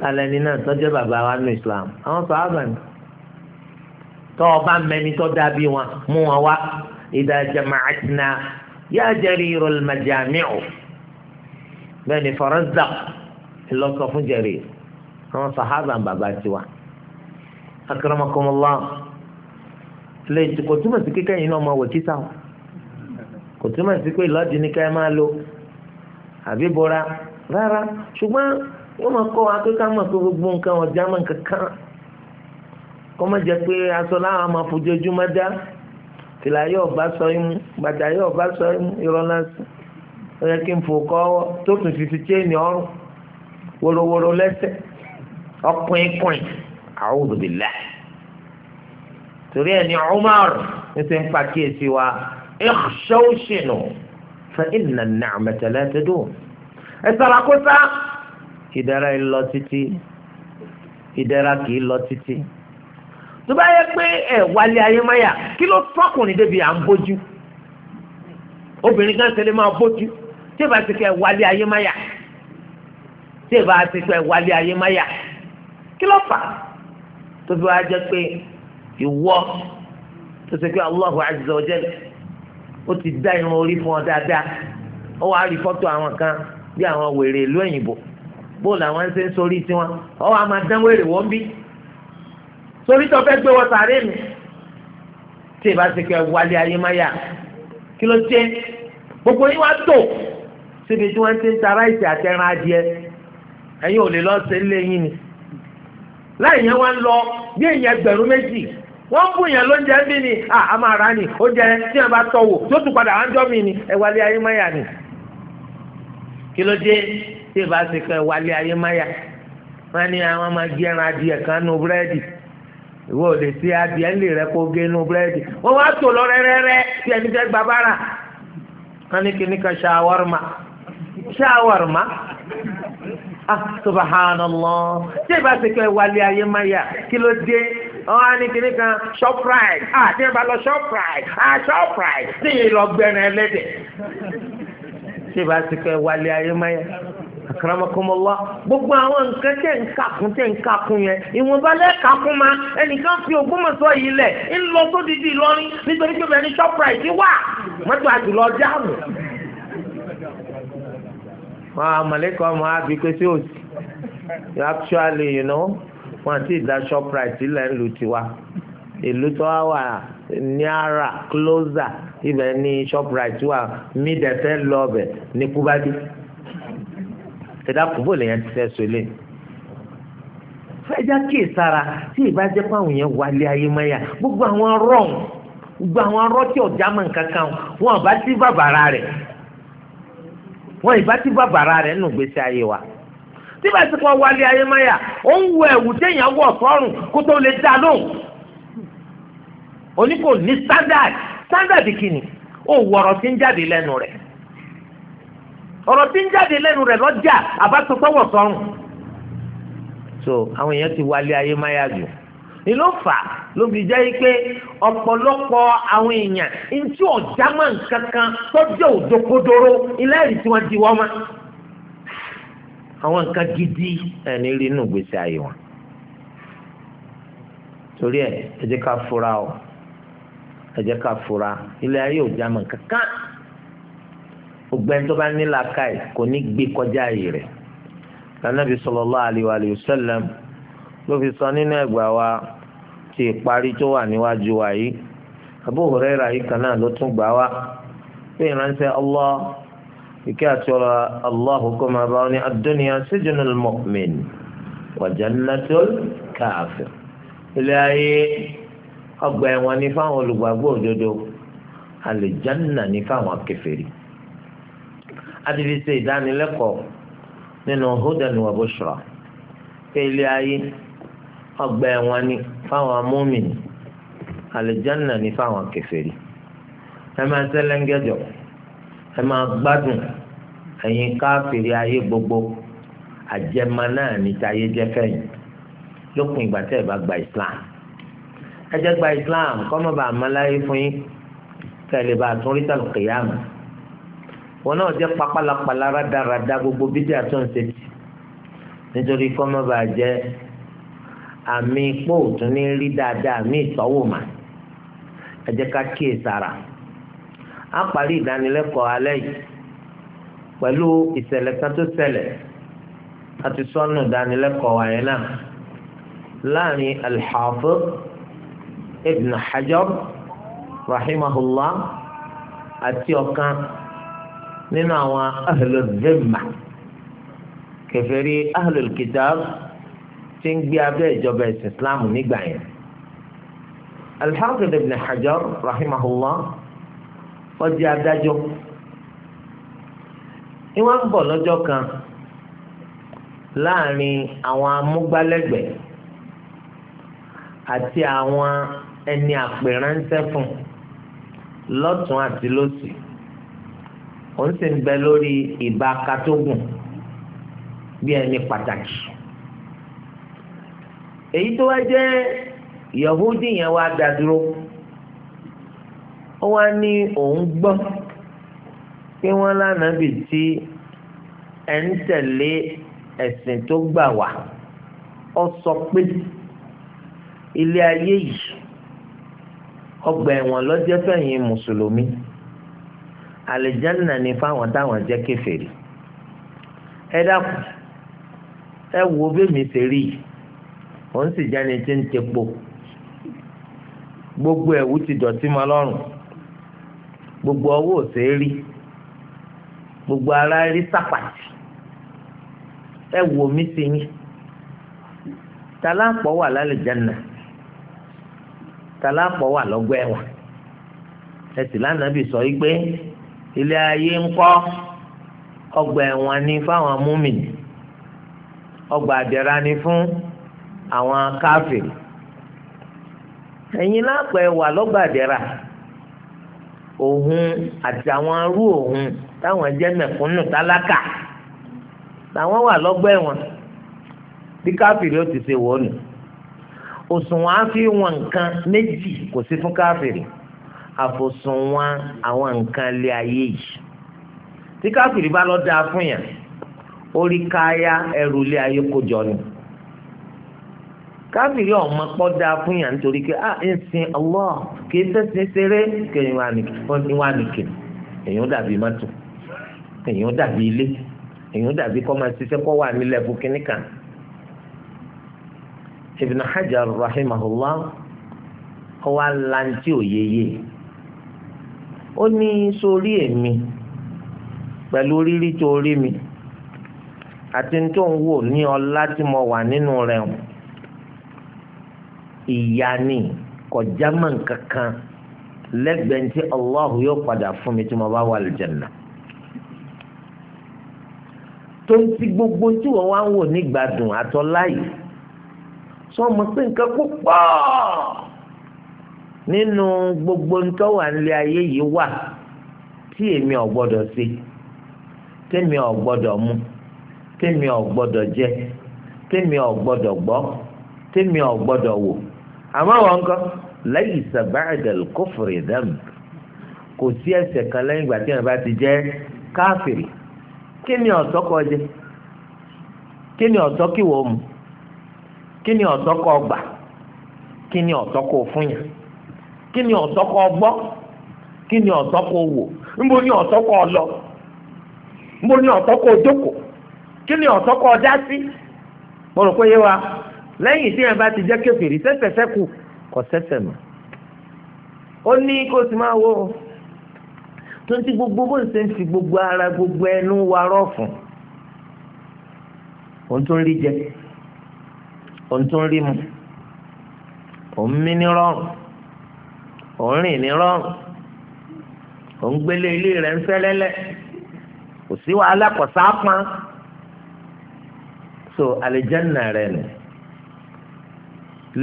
alẹ́ni náà tọ́jú bàbá wa nínú islam àwọn sàhábà ni tó bá mẹni tó dáa bí wọn mú wọn wá idha jama'atna ya jarirul majami'u bẹ́ẹ̀ ni Farazdaq lọ́sọ̀ fún àwọn sàhábà bàbá tiwa akramakumullah lè kò túmọ̀ sí kíkẹ́ yìí náà máa wọ̀ títà o kò túmọ̀ sí pé ìlọ́dì ní ká máa lo àbí bora rárá ṣùgbọ́n wọ́n máa kọ́ akẹ́kọ̀ọ́ àmọ̀ pé gbogbo nǹkan ọ̀já máa kankan kọ́ máa jẹ́ pé aṣọ láwọn máa fojoojúmọ́ dá fìlà yóò bá sọ imú bàtà yóò bá sọ imú irọ́ lásán ó yẹ kí n fò kọ́ ọwọ́ tó tún fi fi chéènì ọrùn wòròwòrò lẹ́sẹ̀ ọkùnrin kùnrin a'udhu billahi torí ẹni Umar ní sẹ́ ń pàkíyèsí wa ìṣọ́ṣìnù fẹ́ ìnà nàmẹ́tẹ̀ lẹ́tẹ̀dù ẹ sara kó sá ìdẹ̀ra yìí lọ títí ìdẹ̀ra kì í lọ títí tó bá yẹ pé ẹ wálé ayé máyà kí ló tọkùnrin débi à ń bójú obìnrin kan ṣẹlẹ̀ máa bójú tí ìbá ti kẹ wálé ayé máyà tí ìbá ti kẹ wálé ayé máyà kí ló fà tó fi wá jẹ pé ìwọ tó ṣe pé Allahu azza wa jalla ó ti dá irun orí fún ọ dáadáa ó wàá rí fọ́tò àwọn kan bí àwọn wèrè ìlú òyìnbó bóòlù àwọn ń ṣe ń sórí tiwọn ọ wàá máa dán wèrè wọ́n bí sórí tó fẹ́ gbé wọn sàárè mi tí ìbá ṣe kẹ wálé ayé má yá kí ló jẹ gbogbo yín wá tó síbi tí wọ́n ti ń ta ráìsì àtẹran adìẹ ẹ̀yin ò lè lọ sí ilé yín ni láì yẹn wá ń lọ bí èèyàn ẹgbẹ̀rún méjì wọ́n bù yàn lóúnjẹ bí ni a máa rà ní oúnjẹ tí wọ́n bá tọ̀wò tó tún padà wájọ́ mi ni ẹ wálé ayé máyà ni kí ló dé tí ìbá ti kọ ẹ wálé ayé máyà wọ́n ní àwọn máa gé ẹran adìẹ kan nu búrẹ́dì ìwọ ò lè ṣe adìẹ ńlè rẹ kó gé nu búrẹ́dì wọ́n wá tò lọ rẹ́rẹ́rẹ́ tí ẹni fẹ́ gba bára wọ́n ní kíní kan ṣàwárùmá ṣàwárùmá ah subhanallah tí ìbá ti kọ ẹ wálé ayé máyà kí ló dé wọ́n á ní kinní kan shoprite àti ah, ẹ̀ bá lọ shoprite Ah, shoprite tí yìí lọ gbẹ̀rẹ̀ ẹlẹ́dẹ̀. ṣé ìbá ti kẹ́ wálé ayé máyà akaramakomola gbogbo àwọn nǹkan tẹ̀ ń kàkún tẹ̀ ń kàkún yẹn ìwọ̀nba lẹ́ẹ̀kàkún ma ẹnìkan fi Ògbómọ̀ṣọ́ yìí lẹ̀ ń lọ sódìdí Ìlọrin nítorí pé bẹ́ẹ̀ ni shoprite wà mọ́tò àjùlọ jáàmù wọn àmàlẹ́kọ̀ọ́ máa bí pé sí òsì actually you know wọn àti ìdá shoprite ilẹ̀ ń lu tiwa ìlú tó wá wà niara closer ibẹ̀ ní shoprite wà mídẹ̀fẹ́ lọ́ọ̀bẹ̀ ní kúbádé tẹ̀dá kúbò lèyàn ti fẹ́ sọlé fẹ́jà kì í sara tí ìbá jẹ́ pé àwọn yẹn wálé ayé mẹ́yà gbogbo àwọn rọ̀n gbogbo àwọn rọ́tí ọ̀já mọ̀ kankan wọn àbá tí bàbàrà rẹ̀ wọn ìbá tí bàbàrà rẹ̀ nù gbèsè ayé wa síbẹ̀ sí kan wálé ayé máyà ó ń wọ ẹ̀wù téèyàn wọ̀ sọ́rùn kó tó lè dá lóhùn oníkò ní standard standard kìíní ó wọ ọ̀rọ̀ tí ń jáde lẹ́nu rẹ̀ ọ̀rọ̀ tí ń jáde lẹ́nu rẹ̀ lọ́jà àbátọ́sọ́wọ̀ sọ́rùn so àwọn èèyàn ti wálé ayé jù ni ló fà ló fi jẹ́ pé ọ̀pọ̀lọpọ̀ àwọn èèyàn ntí ọ̀já máa ń kankan tọ́jú òdokodoro ilé ẹ̀rí tí wọ́n di wọ́n máa àwọn nǹkan gidi ẹni rí inú gbèsè ayé wọn torí ẹ ẹ jẹ́ ká fura o ẹ jẹ́ ká fura ilé ayé ò jámọ́ kankan ògbẹ́ni tó bá ní làákàyè kò ní gbé kọjá ayé rẹ̀ lànàbí sallallahu alaihi wa sallam ló fi sọ nínú ẹgbà wa ti ìparí tó wà níwájú wa yìí Abu Hurairah yìí kan náà ló tún gbà wá pé ìránṣẹ́ Allah ìkẹ́ àti ọ̀rọ̀ Allahu kó máa bá ní ad-dunya sijnul mu'min wa jannatul kafir ilé ayé ọgbà ẹ̀wọ̀n ní fáwọn olùgbàgbọ́ òdodo àlùjánnà ní fáwọn kèfèrí adìrí ṣe ìdánilẹ́kọ̀ọ́ nínú hudan wa bushra ilé ayé ọgbà ẹ̀wọ̀n ní fáwọn mùmínì àlùjánnà ní fáwọn kèfèrí ẹ máa ń sẹ́lẹ̀ ń gẹ́jọ́ ẹ máa gbádùn ẹ̀yin káfíìrì ayé gbogbo àjẹmọ náà níta ayé jẹ́ fẹ̀yìn lópin ìgbà tẹ́ ẹ bá gba islam ẹ jẹ́ gba islam kọ́mọ bá amáláyé fún yín kẹ́ ẹ lè bá àtúnrí tàbí kìyàmù wọn náà jẹ́ pápálapàla rádaràda gbogbo bídí àtúnṣe tì nítorí kọ́mọ bá jẹ́ àmì pòòtún ní rí dáadáa àmì ìtọ́wò mà ẹ jẹ́ ká kíyè sára á parí ìdánilẹ́kọ̀ọ́ alẹ́ yìí pẹ̀lú ìṣẹ̀lẹ̀ kan tó ṣẹlẹ̀ àti sọ́nù ìdánilẹ́kọ̀ọ́ àyẹ̀ náà láàrin al-Hafiz ibn Hajar rahimahullah àti ọ̀kan nínú àwọn ahlul zimma kèfèrí ahlul kitab tí ń gbé abẹ́ ìjọba ìsìn islam nígbà yẹn al ibn Hajar rahimahullah wọ́n di adájọ́ ni wọ́n ń bọ̀ lọ́jọ́ kan láàrin àwọn amúgbálẹ́gbẹ̀ẹ́ àti àwọn ẹni àpèránṣẹ́ fún lọ́tún àti lọ́sì òun sì ń bẹ lórí ìbá katógùn bí ẹni pàtàkì èyí tó wá jẹ́ Yahudi yẹn wá dá dúró ó wá ní òun gbọ́ pé wọ́n lánàá bì tí ẹ̀ ń tẹ̀lé ẹ̀sìn tó gbà wá ó sọ pé ilé ayé yìí ọgbà ẹ̀wọ̀n lọ́jẹ́ fẹ̀yìn mùsùlùmí àlìjánà ni fáwọn táwọn jẹ́ kèfèrí ẹ dákun ẹ wo bẹ́ẹ̀mí ṣe rí yìí òun sì jáde tí ń tepo gbogbo ẹ̀wù ti dọ̀tí mọ́ lọ́rùn. gbogbo ọwọ́ òsè rí gbogbo ara rí sápàtì ẹ wò mí sí yín talápọ̀ wà lálẹ́ jẹ́nà talápọ̀ wà lọ́gbọ́ ẹ̀wà ẹ sì lánàá bì sọ igbe ilé ayé ń kọ́ ọgbà ẹ̀wọ̀n ni fáwọn múmìnì ọgbà àdẹ̀rà ni fún àwọn káfírì ẹ̀yin lápẹ̀ wà lọ́gbà àdẹ̀rà. òun àti àwọn arú òun táwọn jẹ́ mẹ̀kúnnù tálákà làwọn wà lọ́gbà ẹ̀wọ̀n bí káfíìrì ó ti ṣe wọ̀ nù òṣùwọ̀n á fi wọn nǹkan méjì kò sí fún káfíìrì àfòsùnwọ̀n àwọn nǹkan ilé ayé yìí tí káfíìrì bá lọ dáa fún yàn orí káyà ẹrù ilé ayé kó jọ ni káfíìrì ọmọ pọ́ dáa fún yàn nítorí pé a ah, ń sin Allah kì í sẹ́sìn ṣeré kẹ́yìn wà nìkè èyàn dàbí mọ́tò èyàn dàbí ilé èyàn dàbí kọ́ máa ṣiṣẹ́ kọ́ wà nílẹ̀ fún kínní kan. Ibn Hajar rahimahullah ọwọ́ alantí òyeye ó ní sórí èmi pẹ̀lú rírí tó rí mi àti tó ń wò ní ọlá tí mo wà nínú rẹ̀ hàn ìyá kọjá mọ̀ kankan lẹ́gbẹ̀ẹ́ tí Allahu yóò padà fún mi tí mo bá wà lùjẹ̀nà. tó ń ti gbogbo tí wọ́n wá ń wò nígbàdùn àtọ́láyì sọ ma pé nǹkan púpọ̀ nínú gbogbo ntọ́ wà nílé ayé yìí wà tí èmi ò gbọ́dọ̀ ṣe tèmi ò gbọ́dọ̀ mu tèmi ò gbọ́dọ̀ jẹ tèmi ò gbọ́dọ̀ gbọ́ tèmi ò gbọ́dọ̀ wò. àmọ́ wọn kọ́ lẹ́yìn sàbáàdàl kófòrè dàm kò sí ẹ̀ṣẹ̀ kan lẹ́yìn ìgbà tí wọn bá ti jẹ́ káfìrì kí ni jẹ kí ni ọ̀tọ́ mu kí ni ọ̀tọ́ gbà kí ni ọ̀tọ́ kọ Kini kí ni ọ̀tọ́ gbọ́ kí ni ọ̀tọ́ wò níbo ni ọ̀tọ́ lọ níbo ni jókòó kí ni dá sí mo lẹ́yìn tí yẹn bá ti jẹ́ kèfèrí sẹ́sẹ̀ sẹ́kù kò sẹ́sẹ̀ mọ́ ó ní kó sì máa wo tó ń ti gbogbo bó ń ṣe ń fi gbogbo ara gbogbo ẹnu wa rọ̀ òun tó ń rí jẹ òun tó ń rí mu òun mí ní rọrùn òun rìn ní rọrùn òun gbélé ilé rẹ̀ ń fẹ́lẹ́lẹ́ kò sí wàhálà kò sáà pọn so àlìjẹ́nà rẹ̀ nìyẹn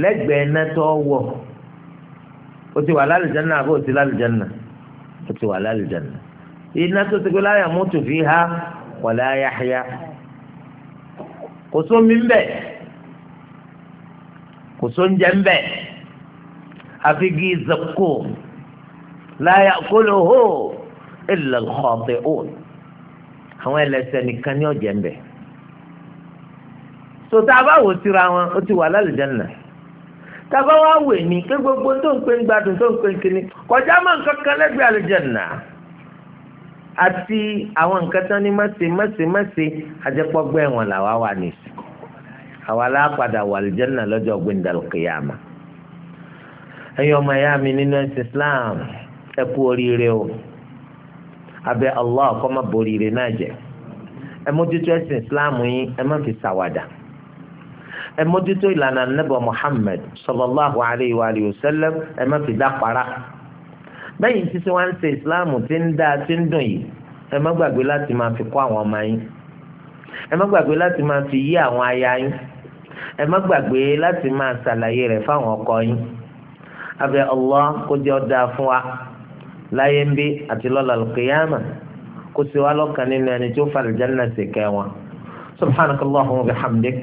lẹ́gbẹ̀ẹ́ iná tó wọ̀ ó ti wà lálùjáná àbí ó ti lálùjáná ó ti wà lálùjáná iná tó ti gbé láyà mọ́tò fi há wàlẹ́ ayáhíá kò sómi ńbẹ kò sóúnjẹ ńbẹ àfi gí zokò láyà kóló hó illa al-khati'un àwọn ẹlẹ́ṣẹ̀ nìkan ní ọ̀jẹ̀ ńbẹ sọtá abáwò síra wọn ó ti wà lálùjáná. tàbá wá wè mí pé gbogbo tó ń pè ń gbádùn tó ń pè ń kíní kọjá mọ́ nǹkan lẹ́gbẹ̀ẹ́ àti àwọn nǹkan tán ní mọ́sẹ̀ mọ́sẹ̀ mọ́sẹ̀ àjẹpọ̀gbẹ́ wọn làwa wà ní ìsìn àwa lápadà wà lọ́jọ́ ọmọ ẹ̀yà mi nínú ẹ̀sìn Islam ẹ kú oríire o abẹ́ Allah kó má náà ẹ mójútó ẹ̀sìn Islam yín ẹ má fi ẹ mójútó ìlànà nebo muhammed sallallahu alayhi wa alihi wa sallam ẹ má fi dá para bẹ́yìn títí wọ́n ń ṣe ìsìláàmù tí ń dáa tí ń dùn yìí ẹ má gbàgbé láti máa fi kọ́ àwọn ọmọ yín ẹ má gbàgbé láti máa fi yí àwọn aya yín ẹ gbàgbé láti máa ṣàlàyé rẹ̀ fáwọn ọkọ yín abẹ Allah kó jẹ́ ó fún wa láyé ń bí àti lọ́la lùkìyàmà kó sì wá lọ́kàn nínú ẹni tó falẹ̀ jẹ́ náà sì kẹ́ wọn wa bihamdik.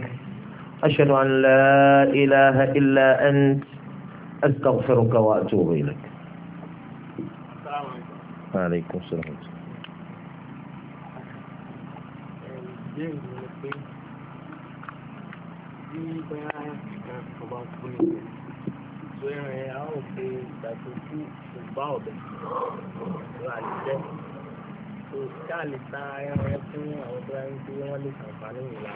أشهد أن لا إله إلا أنت أستغفرك وأتوب إليك السلام عليكم وعليكم السلام ورحمة الله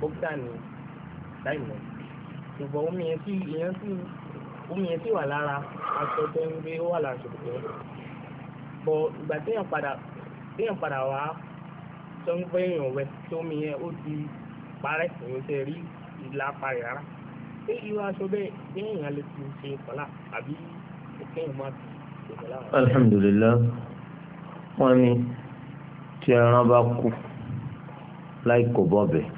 bókítà ní láìmọ̀ ṣùgbọ́n omi yẹn sì ìyẹn sì omi yẹn sì wà lára aṣọ tó ń gbé ó wà lára ṣòkòtò yẹn bọ̀ ìgbà téèyàn padà téèyàn padà wá tó ń gbé èèyàn wẹ̀ tó omi yẹn ó ti parẹ́ èèyàn ti rí ìlà parẹ́ rárá pé irú aṣọ bẹ́ẹ̀ ní èèyàn lè fi ṣe ìkọlá àbí kéèyàn máa fi ṣe ìkọlá. alhamdulilayi wọn ní tí ẹran bá kú láì kò bọ́bẹ̀ẹ́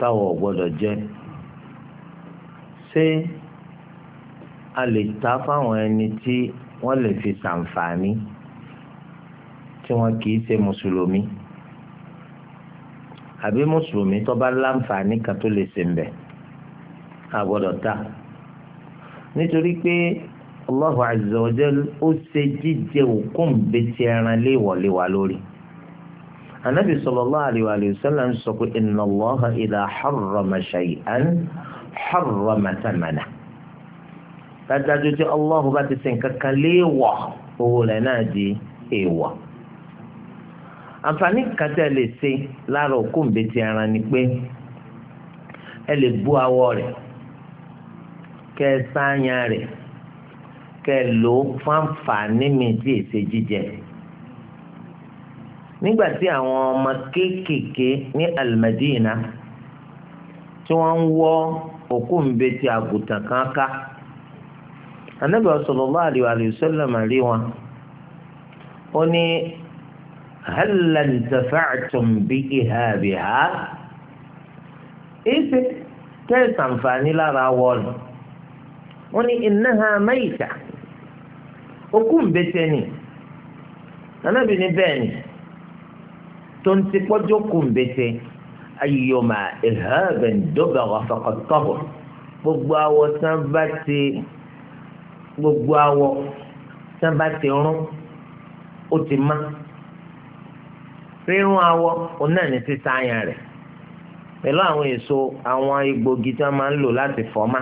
táwọn ò gbọ́dọ̀ jẹ ṣé a lè ta fáwọn ẹni tí wọ́n lè fi ṣàǹfààní tí wọ́n kì í ṣe mùsùlùmí àbí mùsùlùmí tó bá láǹfààní kan tó lè ṣe ń bẹ a gbọ́dọ̀ ta nítorí pé Allahu azza wa jal ó ṣe jíjẹ òkú ń bẹ ti ẹran léèwọ̀léwà lórí anabi sallallahu alaihi wa sallam sọ pé inna Allaha idha harrama shay'an harrama thamanahu dájájú tí Allahu bá ti sìn kankan léèwọ̀ owó rẹ̀ náà di èèwọ̀ àǹfààní kàtà lè ṣe lára òkú ńbẹ́tì ara ni pé ẹ lè bú awọ rẹ̀ kẹ́ ẹ sáyà rẹ̀ kẹ́ ẹ lò ó mi tí èsè jíjẹ nígbà tí àwọn ọmọ kéékèèké ní alimadina tí wọ́n ń wọ́ òkú ńbẹ́tì àgùntàn kan ká anabi sallallahu alaihi wa sallam rí wọn ó ní hàlàntàfàtùm bí ìhàbìhà ìsì tẹ̀sánfààní lára wọ́ọ̀lù ó ní innaha mayta òkú ńbẹ́tì ni anabi ní bẹ́ẹ̀ ni tó ń ti pọ́jọ́ kù ń bẹ́sẹ̀ ayọ̀mà ìhàbẹ̀ ńdọ́bàwà fàkọ̀tọ̀bọ̀ gbogbo awọ tán bá ti gbogbo awọ tán bá ti rún ó ti má rírun awọ òun náà ní sísá ayan rẹ̀ pẹ̀lú àwọn èso àwọn egbògi tí wọ́n máa ń lò láti fọ́ má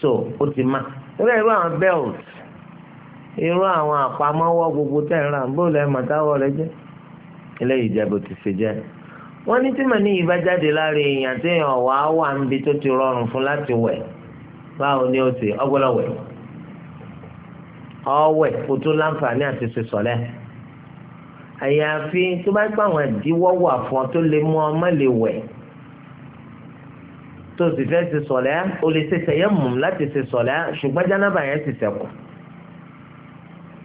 so ó ti má nígbà irú àwọn belt irú àwọn àpamọ́wọ́ gbogbo tẹ̀ ń rà bó lẹ́ẹ̀ mọ̀táwọ́ rẹ jẹ́ eléyìí jẹ́ bó ti ṣe jẹ́ wọ́n ní tí màní yìí bá jáde lára èèyàn tí èèyàn wà á wà níbi tó ti rọrùn fún láti wẹ̀ báwo ni ó ti ọgbọ́dọ̀ wẹ̀ ọwẹ̀ kó tó láǹfààní àti ṣe sọ̀lẹ́ àyàfi tó bá gbà wọn ìdíwọ́ wà fún ọ tó lè mú ọ má lè wẹ̀ tó sì fẹ́ ṣe sọ̀lẹ́ o lè ṣe tẹ̀yẹ́ mù láti ṣe sọ̀lẹ́ ṣùgbọ́n jánábà yẹn ti ṣẹ̀kù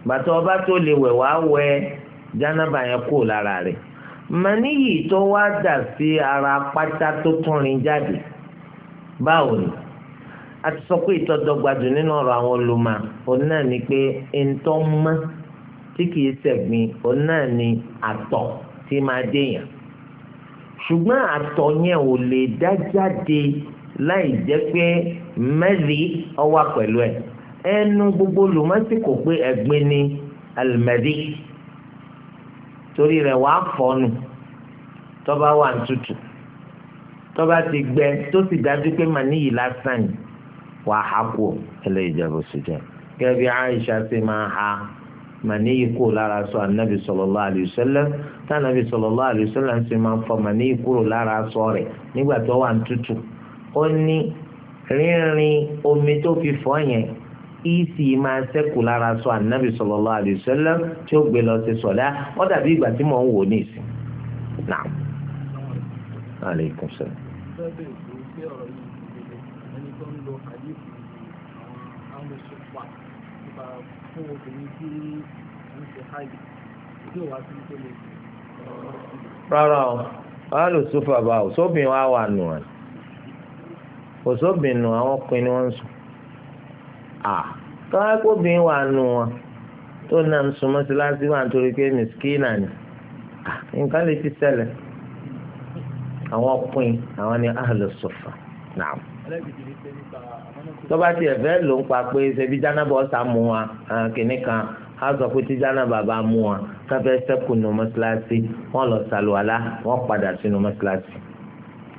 bàtà ọba tó lè wẹ̀ wá wẹ̀ jánábà yẹn kúrò lára rẹ̀ màníyì tó wá dà sí ara pátá tó tún rin jáde báwo ni a ti sọ pé ìtọ́dọ̀gbàjù nínú ọ̀rọ̀ àwọn olùmọ̀ òun náà ni pé ntọ́ mọ́ tí kìí ṣẹ̀gbin òun náà ni àtọ̀ tí máa déyàn ṣùgbọ́n àtọ̀ yẹn ò lè dá jáde láì jẹ́ pé mẹ́rì ọwà pẹ̀lú ẹ̀ ẹnu gbogbo olùmọ̀sí kò pé ẹ̀gbin ni àlùmẹ́rì. torí rẹ̀ wàá fọ́nù tọ́ba wà tútù tọba ti gbẹ tó ti dájú pé màá níyì lásán yìí ha kú Aisha ha màá níyì lára sọ anabi sallallahu alaihi wasallam anabi sallallahu alaihi wasallam máa fọ màá níyì kúrò lára sọ ìsì máa sẹ́kù lára sọ ànábì sallallahu alaihi wasallam tí ó gbé lọ sí sọ̀lá ó dàbí ìgbà tí mò ń wò ní ìsìn. Naam. Alaikum salaam. rárá o wàá lò sófò àbá o wa wà nù ẹ kò nù àwọn ọkùnrin ni wọ́n ń sùn tọ́wá kó bín wà nù wọn tó náà ń sun mọ́sálásí wà nítorí pé mìsíkínà ni nǹkan lè ti ṣẹlẹ̀ àwọn pin àwọn ni àlùsùfà náà tọ́ba tiẹ̀ fẹ́ ló ń pa pé ṣebí jánábọ̀ ọ̀sà mú wa kìnnì kan á sọ pé tí jánábà bá mú wa káfẹ́ sẹ́kù nù mọ́sálásí wọ́n lọ sàlùwàlá wọ́n padà sínú mọ́sálásí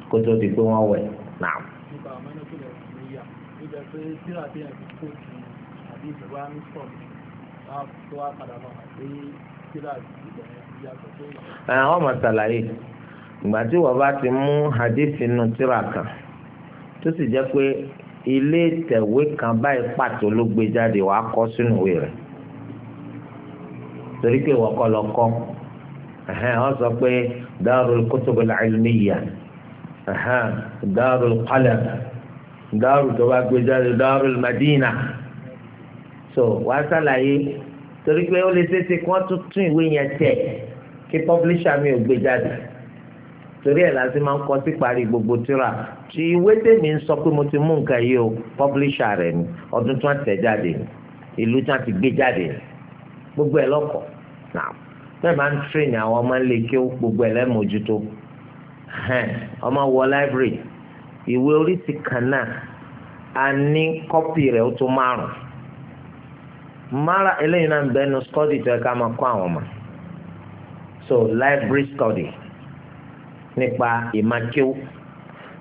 kótó ti pé wọ́n wẹ̀ náà pé tíra bí ẹ̀ kó ti àbí ìjọba ní sọ̀rọ̀ máa tó wá padà lọ pé tíra ìgbà yàtọ̀ tó yẹ. ẹ ọ́n mọ̀ ṣàlàyé ìgbà tí wọ́n bá ti mú hadith inú tíra kan tó sì jẹ́ pé ilé ìtẹ̀wé kan báyìí pàtó ló gbé jáde wàá kọ sínú ìwé rẹ̀ torí pé wọ́n kọ́ lọ kọ́ wọ́n sọ pé darul kutub al-ilmiya darul qalam dáàrú tó bá gbé jáde dáàrú Madina so wàá sàlàyé torí pé ó lè ṣeéṣe kí wọ́n tún tún ìwé yẹn tẹ̀ kí pọ́blíṣà mi ò gbé jáde torí ẹ̀ lásì máa ń kọ sí parí gbogbo tíra tí ìwé tèmi ń sọ pé mo ti mú nǹkan yìí o pọ́blíṣà rẹ̀ ni ọdún tí wọ́n tẹ̀ jáde ni ìlú tí wọ́n ti gbé jáde ni gbogbo ẹ̀ lọ́kọ̀ bẹ́ẹ̀ máa ń tírèèni àwọn ọmọ ilé kí gbogbo ẹ̀ lẹ́mọ̀ọ́jútó ọmọ wọ láìbírì ìwé oríṣi kan náà a ní kọ́pì rẹ̀ ó tó márùn mara eléyìí náà ń bẹnu study tó ẹ ká máa kọ́ àwọn ọmọ so library study nípa ìmákéwú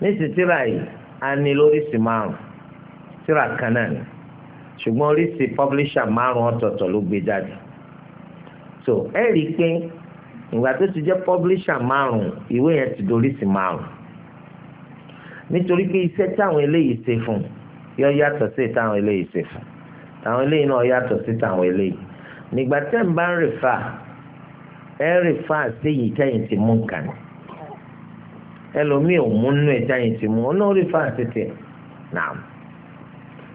ní sì tíra yìí a ní lóríṣi márùn tíra kan náà ni ṣùgbọ́n oríṣi publisher márùn ọ̀tọ̀ọ̀tọ̀ ló gbé jáde so ẹ rí i pé ìgbà tó ti jẹ́ publisher márùn ìwé yẹn ti doríṣi márùn nítorí pé iṣẹ́ táwọn eléyìí ṣe fún yọ yàtọ̀ sí táwọn eléyìí ṣe fún táwọn eléyìí náà yàtọ̀ sí táwọn eléyìí nígbà tẹ́ ń bá ń rìfà ẹ rìfà séyìí tẹ́yìn ti mú nǹkan ẹlòmíì ò mú nínú ẹ̀já yìí ti mú ọ náà rìfà tètè nàá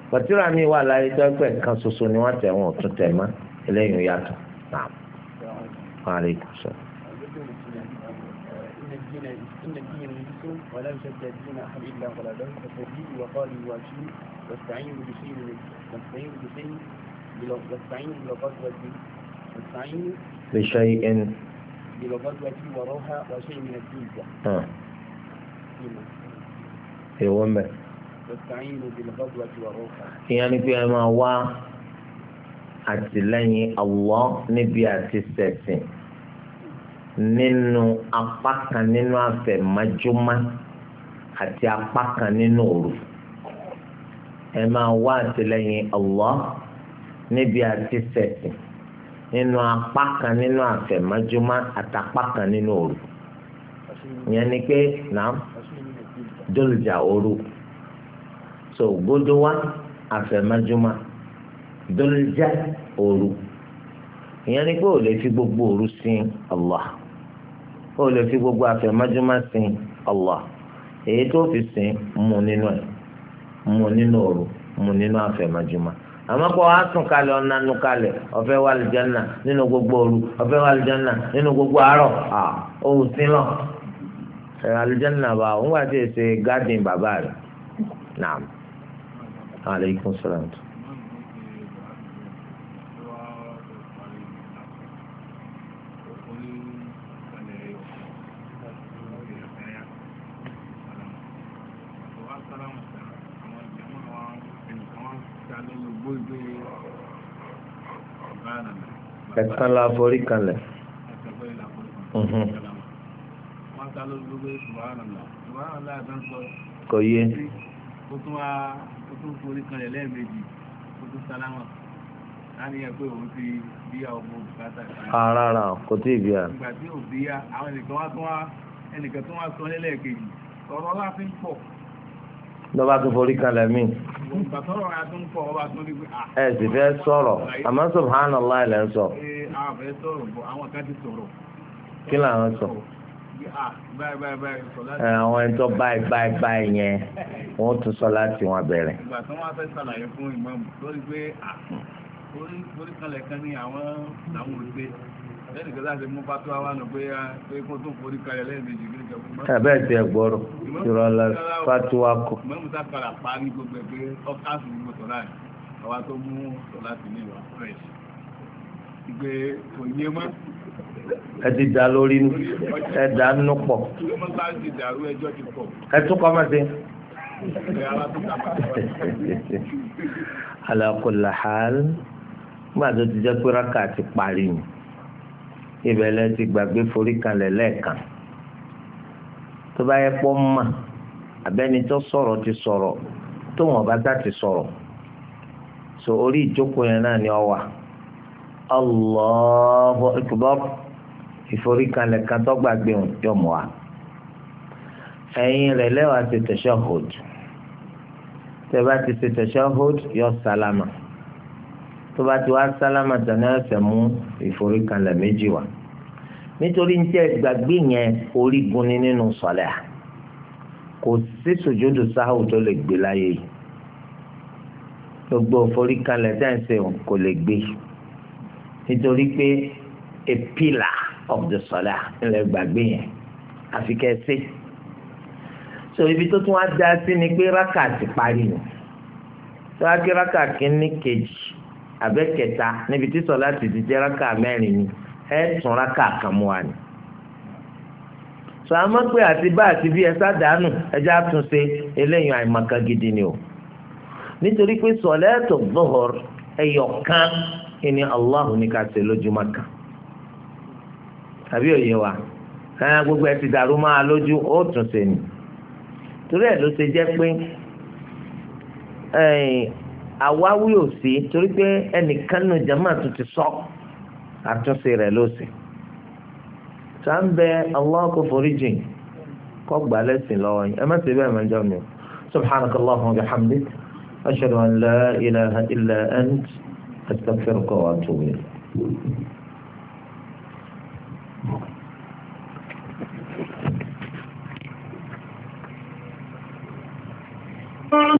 pàtírà mi wà láyé tó ẹgbẹ́ kan ṣoṣo ni wọ́n tẹ̀ wọ́n ò tún tẹ̀ mọ́ eléyìí yàtọ̀ nàá. Wa alaikum salaam. ولا يشد الدين أحد إلا غلبه فالتوحيد وقال الواجب واستعين بشيء واستعين بشيء واستعين بالغدوة واستعين بشيء بالغدوة وروحة وشيء من الدنيا اه èèwọ̀ mbẹ. ìyẹn ni pé ẹ máa wá àtìlẹ́yìn Allah níbi àti sẹ̀sìn nínú apá kan nínú àfẹ̀májúmá. àti apá kan nínú òru ẹ máa wá àtìlẹ́yìn Allah níbi àti sẹ̀sìn nínú apá kan nínú àfẹ̀mọ́júmọ́ àtàpá kan nínú òru ìyẹn ni pé náà dòlùjà òru so gbódúwá àfẹ̀mọ́júmọ́ dòlùjà òru ìyẹn ni pé ò lè fi gbogbo òru sin Allah ò lè fi gbogbo àfẹ̀mọ́júmọ́ sin Allah. èyí tó fi sìn mú nínú ẹ̀ mú nínú òru mú nínú àfẹ̀mọ́júmọ́ àmọ́ kó wàá sùn kalẹ̀ wà lìjánà nínú gbogbo òru ọ̀fẹ́ wà lìjánà nínú gbogbo àárọ̀ òun sí lọ. bá òun wà ẹ̀kan la forí kanlẹ̀. Mhm. kò yé. ó tún wá ó tún forí kanlẹ̀ lẹ́ẹ̀mejì ó tún sálámà á ní ẹ pé òun ti bíyà ọmọ bùkátà. ara rà kò tí ì bíyà. ìgbà tí ò bíyà àwọn ẹnìkan wá tún wá ẹnìkan tún wá sọ lẹ́lẹ́kejì ọ̀rọ̀ ọlá fi ń pọ̀. lọ́ba tún forí kanlẹ̀ míì. Ah. ẹ sì fẹ́ sọ̀rọ̀ àmọ́ subhanallah ẹ̀ lẹ́ ń sọ. kí làwọn sọ ah, àwọn ẹni tó báyìí báyìí báyìí yẹn wọ́n tún sọ láti wọn bẹ̀rẹ̀. ìgbà tí wọ́n fẹ́ ṣàlàyé fún ìmọ̀ọ́mù lórí pé ah. orí kalẹ̀ kan ní àwọn làwọn ò gbé lẹ́nu kẹta ṣe mú pátó wa nù pé gbọ́rọ̀ ìrọ̀lẹ́ pátó wa kọ. ẹ ti dà lórí nu ẹ dà nù pọ̀. ẹ tún kọ́ mọ́ sí ala gbàdúrà ti jẹ́ pé rákà ti parí ni ìbẹ̀lẹ̀ ti gbàgbé forí kalẹ̀ lẹ́ẹ̀kan tó bá yẹ pọ́ mà abẹ́ni tó sọ̀rọ̀ ti sọ̀rọ̀ tó wọn bá dá ti sọ̀rọ̀ so orí ìjókòó yẹn náà ni ọ wà Allahu Akbar ìforí kalẹ̀ kan tó gbàgbé wọn yọ̀ mọ́ wa ẹ̀yin rẹ̀ lẹ́wàá ti tashahhud tẹ́ bá ti ṣe tashahhud yọ sálámà tó bá ti wá sálámà dáná ẹsẹ̀ mú ìforíkanlẹ̀ méjì wá nítorí ní tí ẹ gbàgbé yẹn orígun ni nínú sọlẹ̀ kò sí sòjòdò sáhù tó lè gbé láyé yìí gbogbo ìforíkanlẹ̀ dáńsẹ̀ kò lè gbé nítorí pé a pillar of the sọlẹ̀ ńlẹ̀ gbàgbé yẹn àfi kẹsí so ibi tó tún wá dá sí ni pé rákà ti parí ni tó wá kejì. abẹ́kẹta níbi tí sọ láti ti jẹ́ rákà mẹ́rin ni ẹ tún rákà kan mú wa ni. sọ àmọ́ pé àti bá àti bí ẹ sádàánù ẹjẹ́ àtúnṣe eléyìí àìmọ̀kan gidi ni o nítorí pé sọ̀lẹ́tò bọ́họ̀r ẹ̀yọ̀ kan ẹni aláhùn ní ká ṣe lójúmọ́ kan tàbí òye wa ẹ gbogbo ẹ ti dàrú máa lójú ó tún ṣe ni torí ẹ ló ṣe jẹ́ pé àwáwí ò sí torí pé ẹnìkan nù jama tó ti sọ àtúnṣe rẹ̀ ló sì tá ń bẹ Allah kó forí jìn kó gbà lẹ́sìn lọ́wọ́ yín ẹ má ti bẹ́ẹ̀ máa jọ mi subhanaka allahumma wa bihamdik ashhadu an la ilaha illa ant astaghfiruka wa atubu